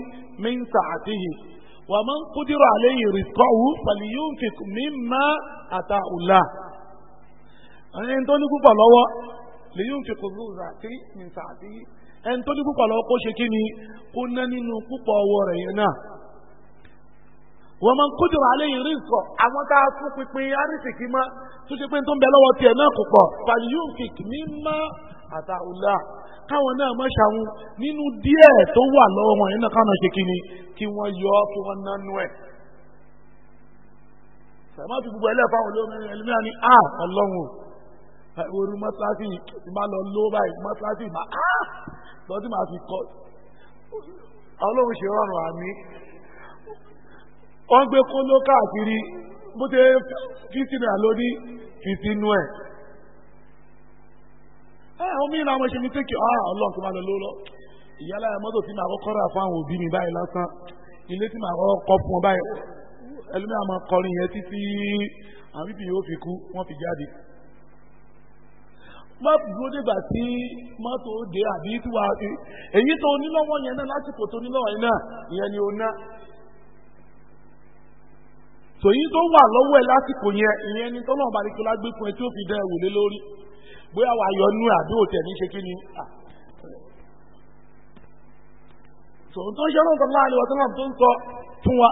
Speaker 1: min sa'atihi wa man qudira alayhi rizquhu falyunfiq mimma ata'u Allah ẹni tó ní púpọ̀ lọ́wọ́ lèyún fi kò lóòzà tí nìta àti ẹni tó ní púpọ̀ lọ́wọ́ kó ṣe kí ni kó ná nínú púpọ̀ ọwọ́ rẹ̀ yẹn náà. wọ́n máa ń kójú alẹ́ yìí rí sọ àwọn tá a fún pínpín arísìkí mọ́ tó ṣe pé tó ń bẹ lọ́wọ́ tiẹ̀ náà kò pọ̀ fàlíyún fi mí mọ́ àtàwùlà káwọn náà má ṣàwọn nínú díẹ̀ tó wà lọ́wọ́ wọn yẹn náà káwọn ṣe kí ni kí wọ́n yọ kí wọ́n nánú ẹ̀ sàmátì gbogbo ẹlẹ́fà wọn ẹlẹ́mìíràn ni a ah, ọlọ́run orí mọ́tíláṣí máa lọ ló báyìí mọ́tíláṣí máa á ah! lọ́dún máa fi kọ́ ọlọ́run ṣe rọrùn àmì wọ́n gbé kóló káàkiri bó ṣe fífínú ẹ̀ ló ní fífínú ẹ̀ ẹ̀ omi ìlànà àwọn ìṣẹ̀lẹ̀ tẹ́kì ah! ọlọ́run tó máa lọ ló lọ ìyálà mọ́tò tí màá kọ́kọ́ rà fún àwọn òbí mi báyìí lásán ilé tí màá kọ́kọ́ kọ́ fún ọ báyìí ẹlòmíràn máa kọrin yẹn títí àwọn bíbí yóò fi kú wọ́n fi jáde má dúró dìgbà tí mọ́tò dé àbí tí wàá fi èyí tó onílọ́wọ́ yẹn náà lásìkò tó onílọ́wọ́ yẹn náà ìyẹn ni ó ná. tòyí tó wà lọ́wọ́ ẹ̀ lásìkò yẹn ìyẹn ni tọ́lọ́ ọba nìkan lágbé fún ẹ tí ó fi dá ẹ wò lé lórí bóyá wàá yọ nú àbí òtẹ̀ ní ṣe kí ni. tòun tó ń ṣe ọlọ́run tọ́lá àlewọ̀ tọ́lá tó ń sọ fún wa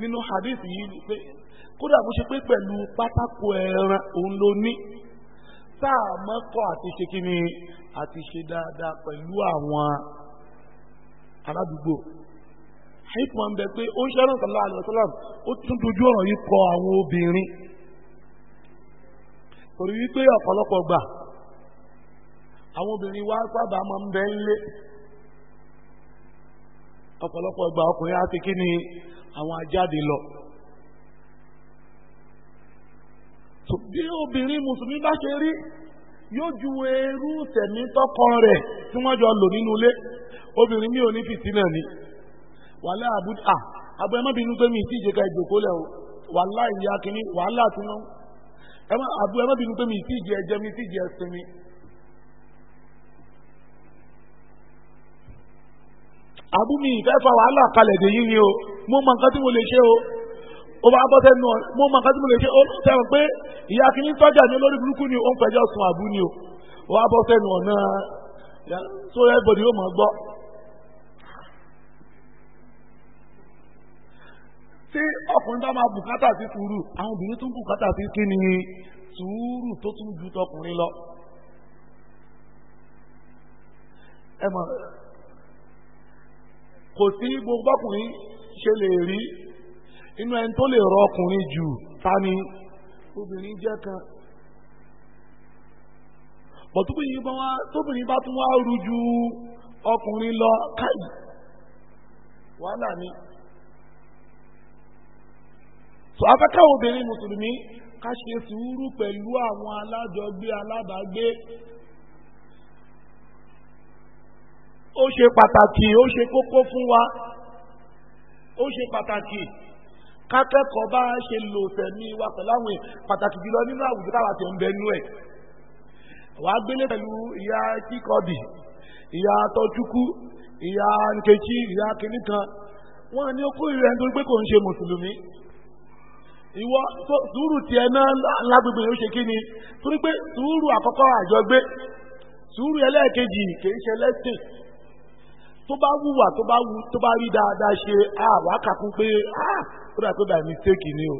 Speaker 1: nínú hadith yìí pé kódà bó ṣe pé pẹ̀lú pátákó ẹran òun ló ní tá a mọ́kọ́ àti ṣe kí ni àti ṣe dáadáa pẹ̀lú àwọn aládùúgbò ṣípò ń bẹ pé ó ń ṣe ẹ̀rọ sallallahu alaihi wasallam ó tún dojú ọ̀rọ̀ yìí kọ àwọn obìnrin torí wípé ọ̀pọ̀lọpọ̀ gbà àwọn obìnrin wa sábà máa ń bẹ ńlé ọ̀pọ̀lọpọ̀ gbà ọkùnrin á ti kí ni àwọn ajáde lọ. bí obìnrin mùsùlùmí bá ṣe rí yóò ju eérú tẹ̀mí tọkọ rẹ̀ tí wọ́n jọ lò nínú ilé obìnrin mi ò ní fìtí náà ni wàhálà àbújá àbọ̀ ẹ má bínú pé mi ì tí ì jẹ́ ká ìjòkó lẹ̀ o wàhálà ìyá kínní wàhálà tí wọ́n àbú ẹ má bínú pé mi ì tí ì jẹ ẹjẹ mi ì jẹ ẹsẹ mi. àbú mi ìfẹ́ fa wàhálà kalẹ̀ dè yí ni o mo mọ nǹkan tí mo lè ṣe o ó bá bọ́ sẹ́nu mo mọ nǹkan tí mo lè ṣe ó sẹ́wọ̀n pé ìyá kìíní tọ́jà ní olórí burúkú ni ó ń pẹ̀jọ́ sun àbú ni o ó bá bọ́ sẹ́nu ọ̀nà so everybody ó mọ̀ gbọ́. tí ọkùnrin bá máa bùkátà sí sùúrù àwọn obìnrin tún bùkátà sí kí ni sùúrù tó tún ju tọkùnrin lọ. ẹ mọ̀ kò sí gbogbo ọkùnrin ṣe lè rí inú ẹni tó lè rọ ọkùnrin jù tani obìnrin jẹ́ kan bọ̀túbìnrin bá wá tóbìnrin bá tún wá rú ju ọkùnrin lọ káyì wàhálà ni So afẹ́ká obìnrin mùsùlùmí ká ṣe sùúrù pẹ̀lú àwọn alájọgbé alábàágbé ó ṣe pàtàkì ó ṣe kókó fún wa ó ṣe pàtàkì kákẹ́kọ̀ọ́ bá ṣe lò tẹ̀mí wa pẹ̀lú àwọn pàtàkì jùlọ nínú àwùjọ táwa ti ń bẹ nú ẹ̀. wàá gbélé pẹ̀lú ìyá kíkọ́bì ìyá tọ́júkú ìyá nkechi ìyá kìnnì kan wọ́n ní ó kó ìrẹ́ nítorí pé kò ń ṣe mùsùlùmí. ìwọ sùúrù tiẹ̀ náà lágbègbè yóò ṣe kí ni torí pé sùúrù àkọ́kọ́ àjọgbé sùúrù ẹlẹ́ẹ̀kejì kì í ṣe lẹ́sìn tó bá wùwà tó bá rí dáadáa ṣe àwákàkún pé ah kódà tó bá mistake ni o.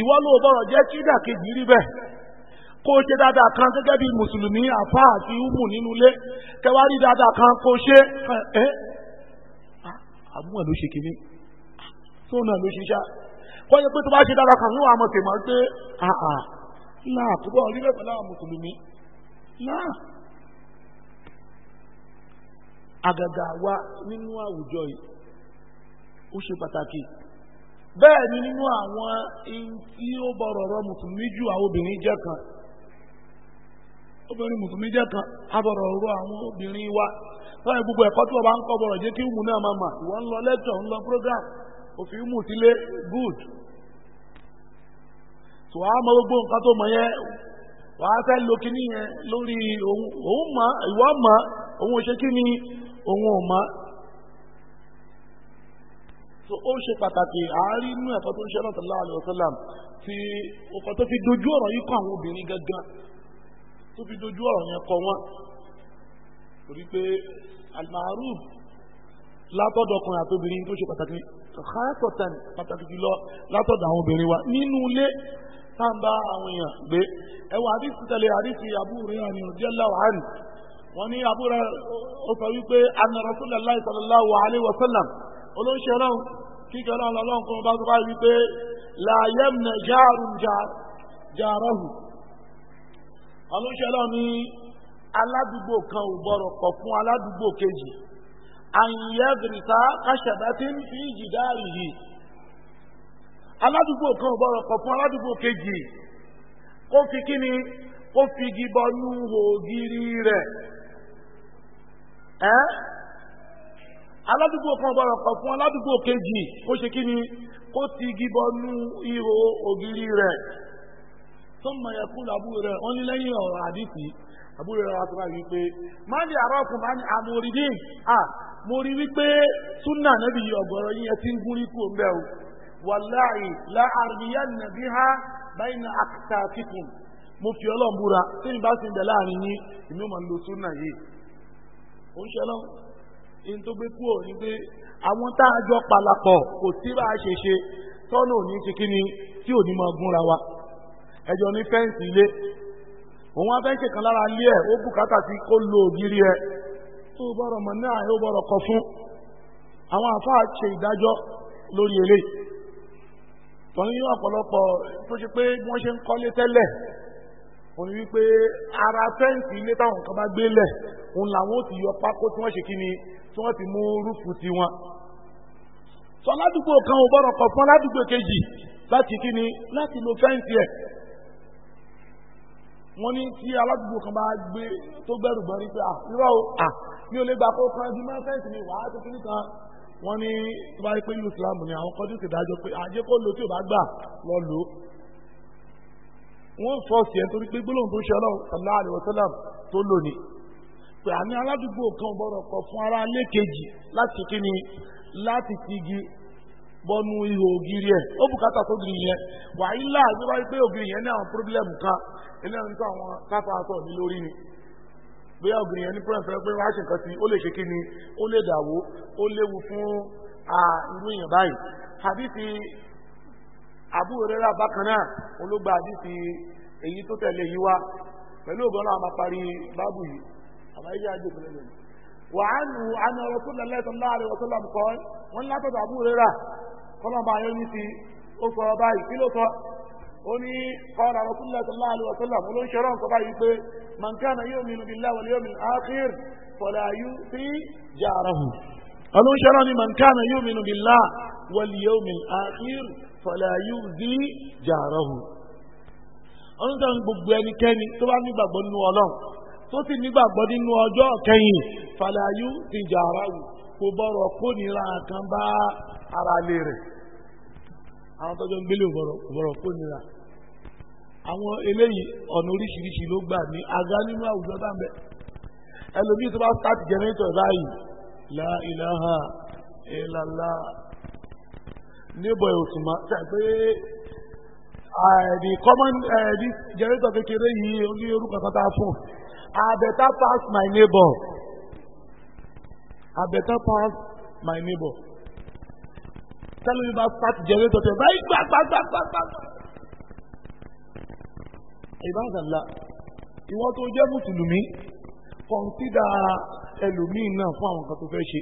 Speaker 1: ìwọ ló bọ̀rọ̀ jẹ́ kí dàkejì rí bẹ́ẹ̀ kó ṣe dáadáa kan gẹ́gẹ́ bí mùsùlùmí àfa àti umu nínú ilé kẹwàá rí dáadáa kan kó ṣe ẹ ah, àmú ẹ̀ ló ṣe kínní tó náà ló ṣiṣá kọ́ yẹ pé tó bá ṣe dáadáa kan níwọ̀n àmọ̀ tèmọ̀ pé àà náà kó bọ̀ rí bẹ́ẹ̀ pẹ̀lú àwọn mùsùlùmí náà àgàgà wa nínú àwùjọ yìí ó ṣe pàtàkì bẹ́ẹ̀ ni nínú àwọn tí ó bọ̀rọ̀ rọ mùsùlùmí jù àwọn obìnrin kan obìnrin mùsùlùmí jẹ́ kan wa lọ́yìn gbogbo ẹ̀kọ́ tí wọ́n bá ń kọ́ bọ̀rọ̀ jẹ́ kí ìmù náà máa mà ìwọ ń lọ lẹ́tọ̀ ń lọ program òfin good tó a mọ gbogbo nǹkan tó mọ yẹn wà á fẹ́ lo kíní yẹn lórí òun mọ ìwọ mọ òun so ó ṣe pàtàkì àárín inú ẹ̀kọ́ tó ń ṣe lọ́sọ̀lá àlẹ́ ọ̀sọ́làm tí ọkọ̀ tó fi dojú ọ̀rọ̀ yìí kọ́ àwọn obìnrin gangan tó fi dojú ọ̀rọ̀ yẹn kọ́ wọn torí pé almaruf látọ̀dọ̀ ọkùnrin àtobìnrin tó ṣe pàtàkì kàkàtọ̀tàn pàtàkì jùlọ látọ̀dọ̀ àwọn obìnrin wa nínú ilé tá ń bá àwọn èèyàn gbé ẹwà àdìsí tẹ̀lé àdìsí àbúrò yẹn àníyàn díẹ̀ láwà á nì wọ́n ní àbúrò ó sọ wípé anna Rasulullahi sallallahu alaihi wasallam olóńṣẹ́ náà kíkẹ́ náà lọ́lọ́run kan bá tó bá rí pé láyẹ́m na jáàrùn jàrọ́hù ọlọ́ṣẹ́lọ́ ní aládùúgbò kan ò gbọ́rọ̀ pọ̀ fún aládùúgbò kejì àyẹ̀bìrìta káṣẹ̀dá tí ń fi jìdá yìí aládùúgbò kan ò gbọ́rọ̀ pọ̀ fún aládùúgbò kejì kó fi kí ni kó fi gibọ́nú ògiri rẹ̀ ẹ́. Eh? aládùúgbò kan gbọ́dọ̀ kọ̀ fún aládùúgbò kejì ó ṣe kí ni kó ti gíbọ nú ihò ògiri rẹ̀ tó mọ ẹ̀kú làbúrò rẹ̀ wọ́n ní lẹ́yìn ọ̀rọ̀ àdìsí àbúrò rẹ̀ wá tó bá wípé máa ní àárọ̀ ọkùn máa ní àmórídì à mo rí wípé súnà níbi ọ̀gọ̀rọ̀ yín ẹ ti ń gúrí kú ọ̀nbẹ́ o wàláì láàrínìyàn nàbí ha báyìí na àkàtà kíkùn mo fi ọlọ́run búra tí mi bá sì ń bẹ̀ láàrin yín èmi ò máa lo súnà yìí ó ń ṣe ọlọ́run ní tó gbé kúrò ní pé àwọn tá a jọ palapọ̀ kò sí bá a ṣe ṣe tọ́nà òní ṣe kí ni tí òní máa gúnra wa ẹjọ́ ní fẹ́ǹsì ilé òun afẹ́ǹsì kan lára ilé ẹ̀ ó bùkátà sí kó lo ògiri ẹ̀ tó bọ̀rọ̀ mọ̀ náà ó bọ̀rọ̀ kọ fún àwọn àfáà ṣe ìdájọ́ lórí eléyìí tọ́ni ọ̀pọ̀lọpọ̀ tó ṣe pé wọ́n ṣe ń kọ́lé tẹ́lẹ̀ òun ni wípé ara fẹ́ǹsì ilé táwọn kan bá gbé lẹ̀ òun làwọn ó ti yọ pákó tí wọ́n ṣe kí ni tí wọ́n ti mú rúfù tiwọn. sọ ládùúgbò kan ò gbọ́dọ̀ kọ̀ fún ládùúgbò kejì láti kí ni láti lo fẹ́ǹsì ẹ̀. wọ́n ní tí aládùúgbò kan bá gbé tó gbẹ́rù gbọ́n ní irọ́ o à mi ò lè gbà kó kan bí máa fẹ́ǹsì mi wàá tó kíní kan wọ́n ní tó bá rí pé ìlú Islam ni àwọn kọ́dún ti dájọ́ pé àjẹ kó lo tí ò bá gbà lọ lò ó. wọ́n fọ́ọ̀sì ẹ̀ nítorí pé gbólóhùn tó ṣe ọlọ́run sallallahu alaihi pé àmì aládùúgbò kan gbọ́dọ̀ kọ̀ fún ara lékejì láti kí ni láti figi bọ́nu ihò ògiri ẹ̀ ó bùkátà tó giri yẹn wàyí là bí wáyé pé ògiri yẹn ní àwọn pírọ́bílẹ̀mù kan eléyìí nípa àwọn kápá àtọ̀ mi lórí ni bóyá ògiri yẹn ní pírọ́ǹfẹ́ pé wọ́n á ṣe nǹkan sí i ó lè ṣe kí ni ó lè dàwó ó léwu fún irú èèyàn báyìí àdìsí àbúrẹ́rà bákan náà olóògbé àdìsí èyí tó tẹ̀lé yìí wá pẹ̀lú ògbọ́n náà máa parí báàbù yìí ọ̀nà yìí àjò fún mi. وعنه عن رسول الله صلى الله عليه وسلم قال wọn látọ̀ àbú rírà kọ́nàbà yẹn ní ti ó sọ báyìí kí ló sọ ó ní قال رسول الله صلى الله عليه وسلم ló ń ṣe rán sọ báyìí pé من كان يؤمن بالله واليوم الآخر فلا يؤذي جاره wọn ló ń ṣe rán ní من كان يؤمن بالله واليوم الآخر فلا يؤذي جاره wọn ń sọ gbogbo ẹnikẹ́ni tó bá nígbàgbọ́ nínú ọlọ́run tó sì nígbàgbọ́ nínú ọjọ́ kẹyìn fàlàyé ti jà ara wù kò bọ̀rọ̀ kó nira kan bá ara lè rẹ̀ àwọn tọ́jọ́ ń gbélé òbọ̀rọ̀ kó nira àwọn eléyìí ọ̀nà oríṣiríṣi ló gbà ní aga nínú àwùjọ tá ẹlòmíì tó bá stáàtì jẹnẹrétọ̀ báyìí la ilaha illallah níbọ̀ ìwòsùnmá tàbí ẹ̀ẹ́dì kọ́mọ́n ẹ̀ẹ́dì jẹnẹrétọ̀ kékeré yìí ó ní orúkọ kan tá a fún I better pass my neighbor. I better pass my neighbor. Tẹ́lẹ̀ mi bá start generator tẹ̀ báyìí gbàgbàgbàgbàgbà. Ìbáraẹ̀lá, ìwọ tó jẹ́ Mùsùlùmí, kọ̀ǹsídà ẹlòmíì náà fún àwọn kan tó fẹ́ ṣe.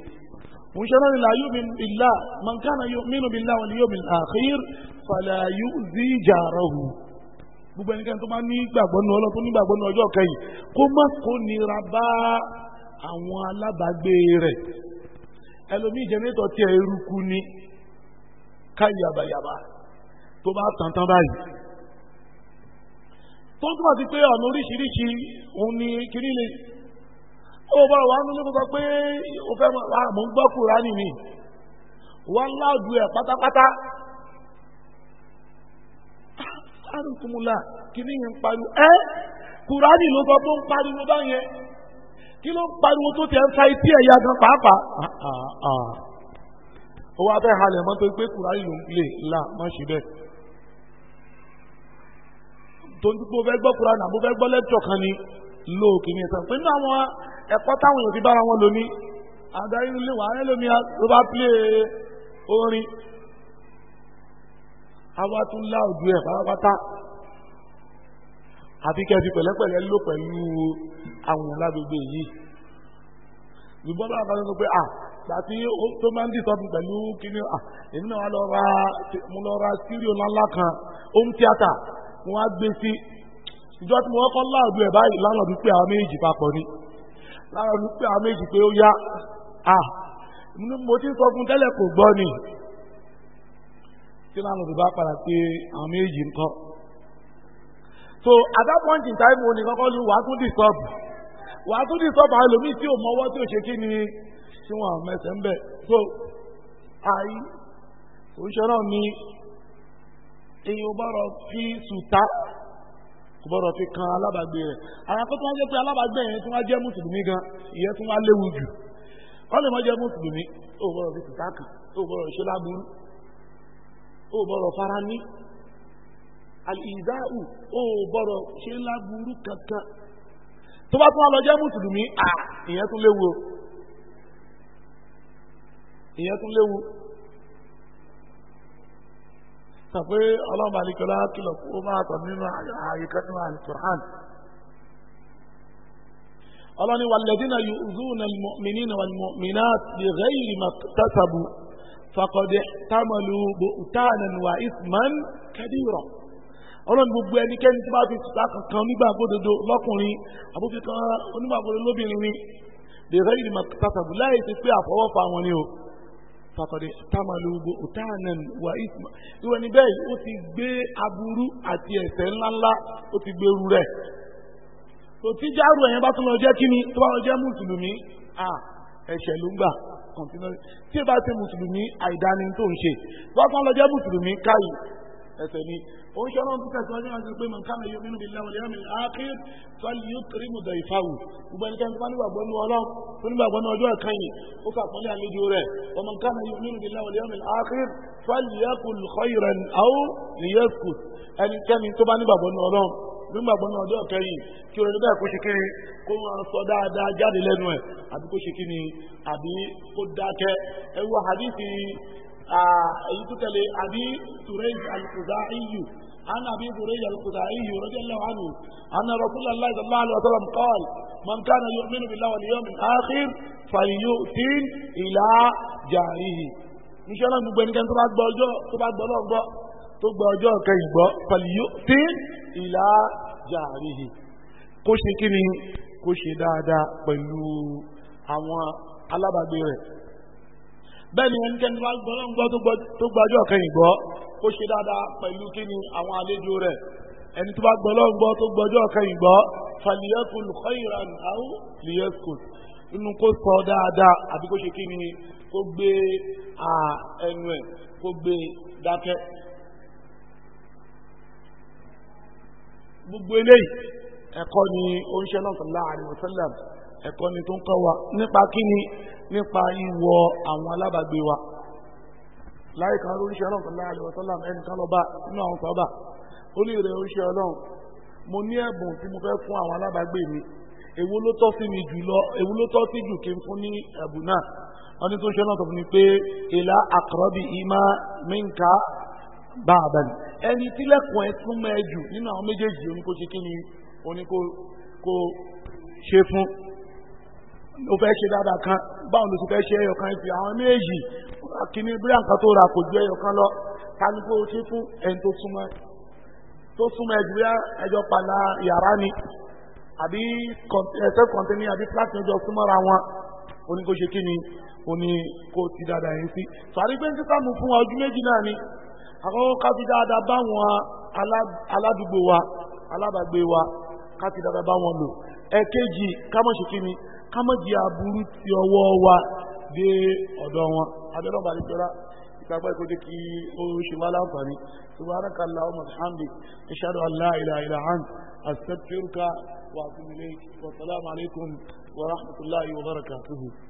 Speaker 1: Mùsùlùmí la yu'min billah, man kana yu'minu billah wal yawmil akhir, fala yu'zi jarahu. gbogbo ẹnikẹ́ni tó bá ní gbàgbọ́ nù ọlọ́ tó ní ọjọ́ kẹyìn kó má kó bá àwọn alábàágbé rẹ̀ ẹlòmíì jẹnẹtọ̀ tiẹ̀ eruku ni ká yàbàyàbà tó bá tàn tán báyìí tó ń pé ọ̀nà oríṣiríṣi òun ni kiri le ó bá wà nínú kókó àrùntúmùlà kìíní yẹn ń pariwo ẹ́ eh, kùránì ló sọ tó ń pariwo báyẹn kí ló ń pariwo tó tiẹ̀ ń fa etí ẹ̀yà gan pàápàá. Ah, ah, ah. ó wá fẹ́ halẹ̀ mọ́ tó gbé kùránì ló ń lè là má ṣe bẹ́ẹ̀. tó ń dúpọ̀ fẹ́ gbọ́ kùránì àbó fẹ́ gbọ́ lẹ́tọ̀ kan ni ló kìíní ẹ̀sán pé nínú àwọn ẹ̀kọ́ táwọn èèyàn ti bára wọn lò ní adarí ilé wàá lómi ló bá pílé orin àwa tún láòdù ẹ̀ pátápátá àfi kẹfì pẹ̀lẹ́pẹ̀lẹ́ ló pẹ̀lú àwọn alágbègbè yìí ṣùgbọ́n bá kan sọ pé à gbàtí tó máa ń dìtọ́bù pẹ̀lú kíní à èmi náà lọ ra mo lọ ra síríò ńláńlá kan home theatre mo wá gbé sí ìjọ tí mo kọ́kọ́ láòdù ẹ̀ báyìí lánàá pé àwọn méjì papọ̀ ni lánàá pé àwọn méjì pé ó yá à mo ti sọ fún tẹ́lẹ̀ kò gbọ́ ni tí náà lọ́dún bá padà pé àwọn méjì ń kọ́. so at that point in time òní kọ́kọ́ lu wàá tún dìsọ́ọ̀bù wàá tún dìsọ́ọ̀bù àwọn ẹlòmíì tí ò mọ́wọ́ tí ò ṣe kí ni tí wọ́n mẹsẹ̀ ń bẹ̀. so àyí òṣìṣẹ́ náà ni èyí ò bọ̀rọ̀ fi sùtá kò bọ̀rọ̀ fi kan alábàgbé rẹ̀ àwọn akọ́tún wọn jẹ́ pé alábàgbé yẹn tí wọ́n jẹ́ mùsùlùmí gan ìyẹn tí wọ́n léwu jù wọ́n lè mọ́ jẹ́ mùsùlùmí ó bọ̀rọ̀ fi sùtá kan ó bọ̀rọ̀ ṣe lágbóró ó bọ̀rọ̀ fara ní alìdáhù ó bọ̀rọ̀ ṣe ńlá burú kankan tó bá tún ọlọ́jẹ́ mùsùlùmí à ìyẹn tún léwu ìyẹn tún léwu sàpé ọlọ́mọ àlìkọlá kìlọ̀ kó máa tọ̀ nínú àyíká nínú àlìkọ̀hán ọlọ́ni wàlẹ́dínà yóò zúùnà mìíràn wàlmọ̀mìnà lè rẹ́yìn màtàtàbù faqad ihtamalu bu'tanan wa ithman kabira ọlọ́run gbogbo ẹnikẹ́ni tó bá fi sùtá kankan nígbàgbódodo lọ́kùnrin àbúfi kan onígbàgbódodo lóbìnrin ni dèrè ìrìnà tàtàbù láì ti pé àfọwọ́fà wọn ni o faqad ihtamalu bu'tanan wa ithman ìwọ ni bẹ́ẹ̀ ó ti gbé aburú àti ẹ̀ṣẹ̀ ńláńlá ó ti gbé ru rẹ̀ tòtí járù ẹ̀yẹn bá tún lọ jẹ́ kíni tó bá lọ jẹ́ mùsùlùmí à ẹ̀ṣẹ̀ ló ń gbà continually tí ẹ bá ṣe mùsùlùmí àìdáni tó ń ṣe lọ́sàn-án lọ́jọ́ mùsùlùmí káyì ẹsẹ̀ ni ó ń ṣe ọlọ́run tún tẹ̀síwájú náà sí pé mọ̀ nǹkan ẹ̀yọ́ nínú ilé àwọn ìyáàmì àákíyè sọ́ọ̀lì yóò kiri mu dẹ̀ ìfàwù gbogbo ẹni kẹ́ni tó bá nígbàgbọ́ ní ọlọ́run tó nígbàgbọ́ ní ọjọ́ ẹ̀kan yìí ó fà pọ́nlé àlejò rẹ̀ wọ́n mọ̀ nínú ilé àwọn ìyáàmì àákíyè sọ́ọ̀lì yẹ kul khayran aw liyasku ẹnikẹ́ni tó bá nígbàgbọ́ ní ọlọ́run nígbàgbọ́ náà ọjọ́ kẹyìn kí orin bẹ́ẹ̀ kó ṣe kiri kó máa sọ dáadáa jáde lẹ́nu ẹ̀ àbí kó ṣe kiri àbí kó dákẹ́ ẹ wo hadithi èyí tó tẹ̀lé àbí tùrẹ́ àlùkùdá iyù عن ابي هريره الخزاعي رضي الله عنه ان رسول الله صلى الله عليه وسلم قال من كان يؤمن بالله واليوم الاخر فليؤتن الى جاره ان شاء الله gbogbo ẹnikẹ́ni tó tó gba ọjọ́ kẹyìn gbọ́ pẹ̀lú tí ìlà jàrìhì kó ṣe kí ni kó ṣe dáadáa pẹ̀lú àwọn alábàgbé rẹ̀ bẹ́ẹ̀ ni ẹnikẹ́ni wá gbọ́ lọ́ngbọ́ tó gba ọjọ́ kẹyìn gbọ́ kó ṣe dáadáa pẹ̀lú kí ni àwọn àlejò rẹ̀ ẹni tó bá gbọ́ lọ́ngbọ́ tó gba ọjọ́ kẹyìn gbọ́ fàlìyẹ́kùn khayran aw lìyẹ́kùn inú kó sọ dáadáa àbí kó ṣe kí ni kó gbé ẹnu ẹ̀ kó gbé dákẹ́. gbogbo eléyìí ẹ̀kọ́ ni ó ń ṣe náà sallallahu alaihi wasallam ẹ̀kọ́ ni tó ń kọ́ wa nípa kíni nípa ìwọ àwọn alábàgbé wa láì kan lóríṣẹ́ ọlọ́run sallallahu alaihi wasallam ẹnìkan lọ bá nínú àwọn sọ́bà ó ní ìrẹ̀ oríṣẹ́ ọlọ́run mo ní ẹ̀bùn tí mo fẹ́ fún àwọn alábàgbé mi èwo ló tọ́ sí mi jùlọ èwo ló tọ́ sí jù kí n fún ní ẹ̀bùn náà wọ́n ní tó ń ṣe náà sọ fún mi pé ìlà àkọ́rọ́bì ìmá minka báàbẹ̀ ẹni tílẹ̀kùn ẹ tún mọ́ ẹ jù nínú àwọn méjèèjì oníkó ṣe kíni oníkó kó ṣe fún ó fẹ́ ṣe dáadáa kan báwo ló ti fẹ́ ṣe ẹyọ kan fi àwọn méjèèjì kíní bí àǹkan tó ra kò ju ẹyọ kan lọ ta ni kó ṣe fún ẹni tó súnmọ́ tó súnmọ́ ẹ jù bí ẹjọ́ pàlà yàrá ni àbí ẹsẹ̀ kọ̀ǹtẹ́nì àbí fúláṣí ẹjọ́ súnmọ́ra wọn oníkó ṣe kíni oníkó ti dáadáa yẹn sí sàrí pé ń fún ọdún méjì náà ni àkọ́kọ́ ká fi dáadáa bá wọn aládùúgbò wa alábàgbé wa ká fi dáadáa bá wọn lò ẹ̀kejì ká má ṣe kí ni ká má jẹ́ aburú ti ọwọ́ wa dé ọ̀dọ̀ wọn abẹ́rẹ́ ọ̀bà nítorá ìtàgbà ìkọ́jọ́ kí ó ṣe wá láǹfààní subhanaka allahumma bihamdik ashhadu an la ilaha illa anta astaghfiruka wa atubu ilayk wa salaamu alaykum wa rahmatullahi wa barakatuhu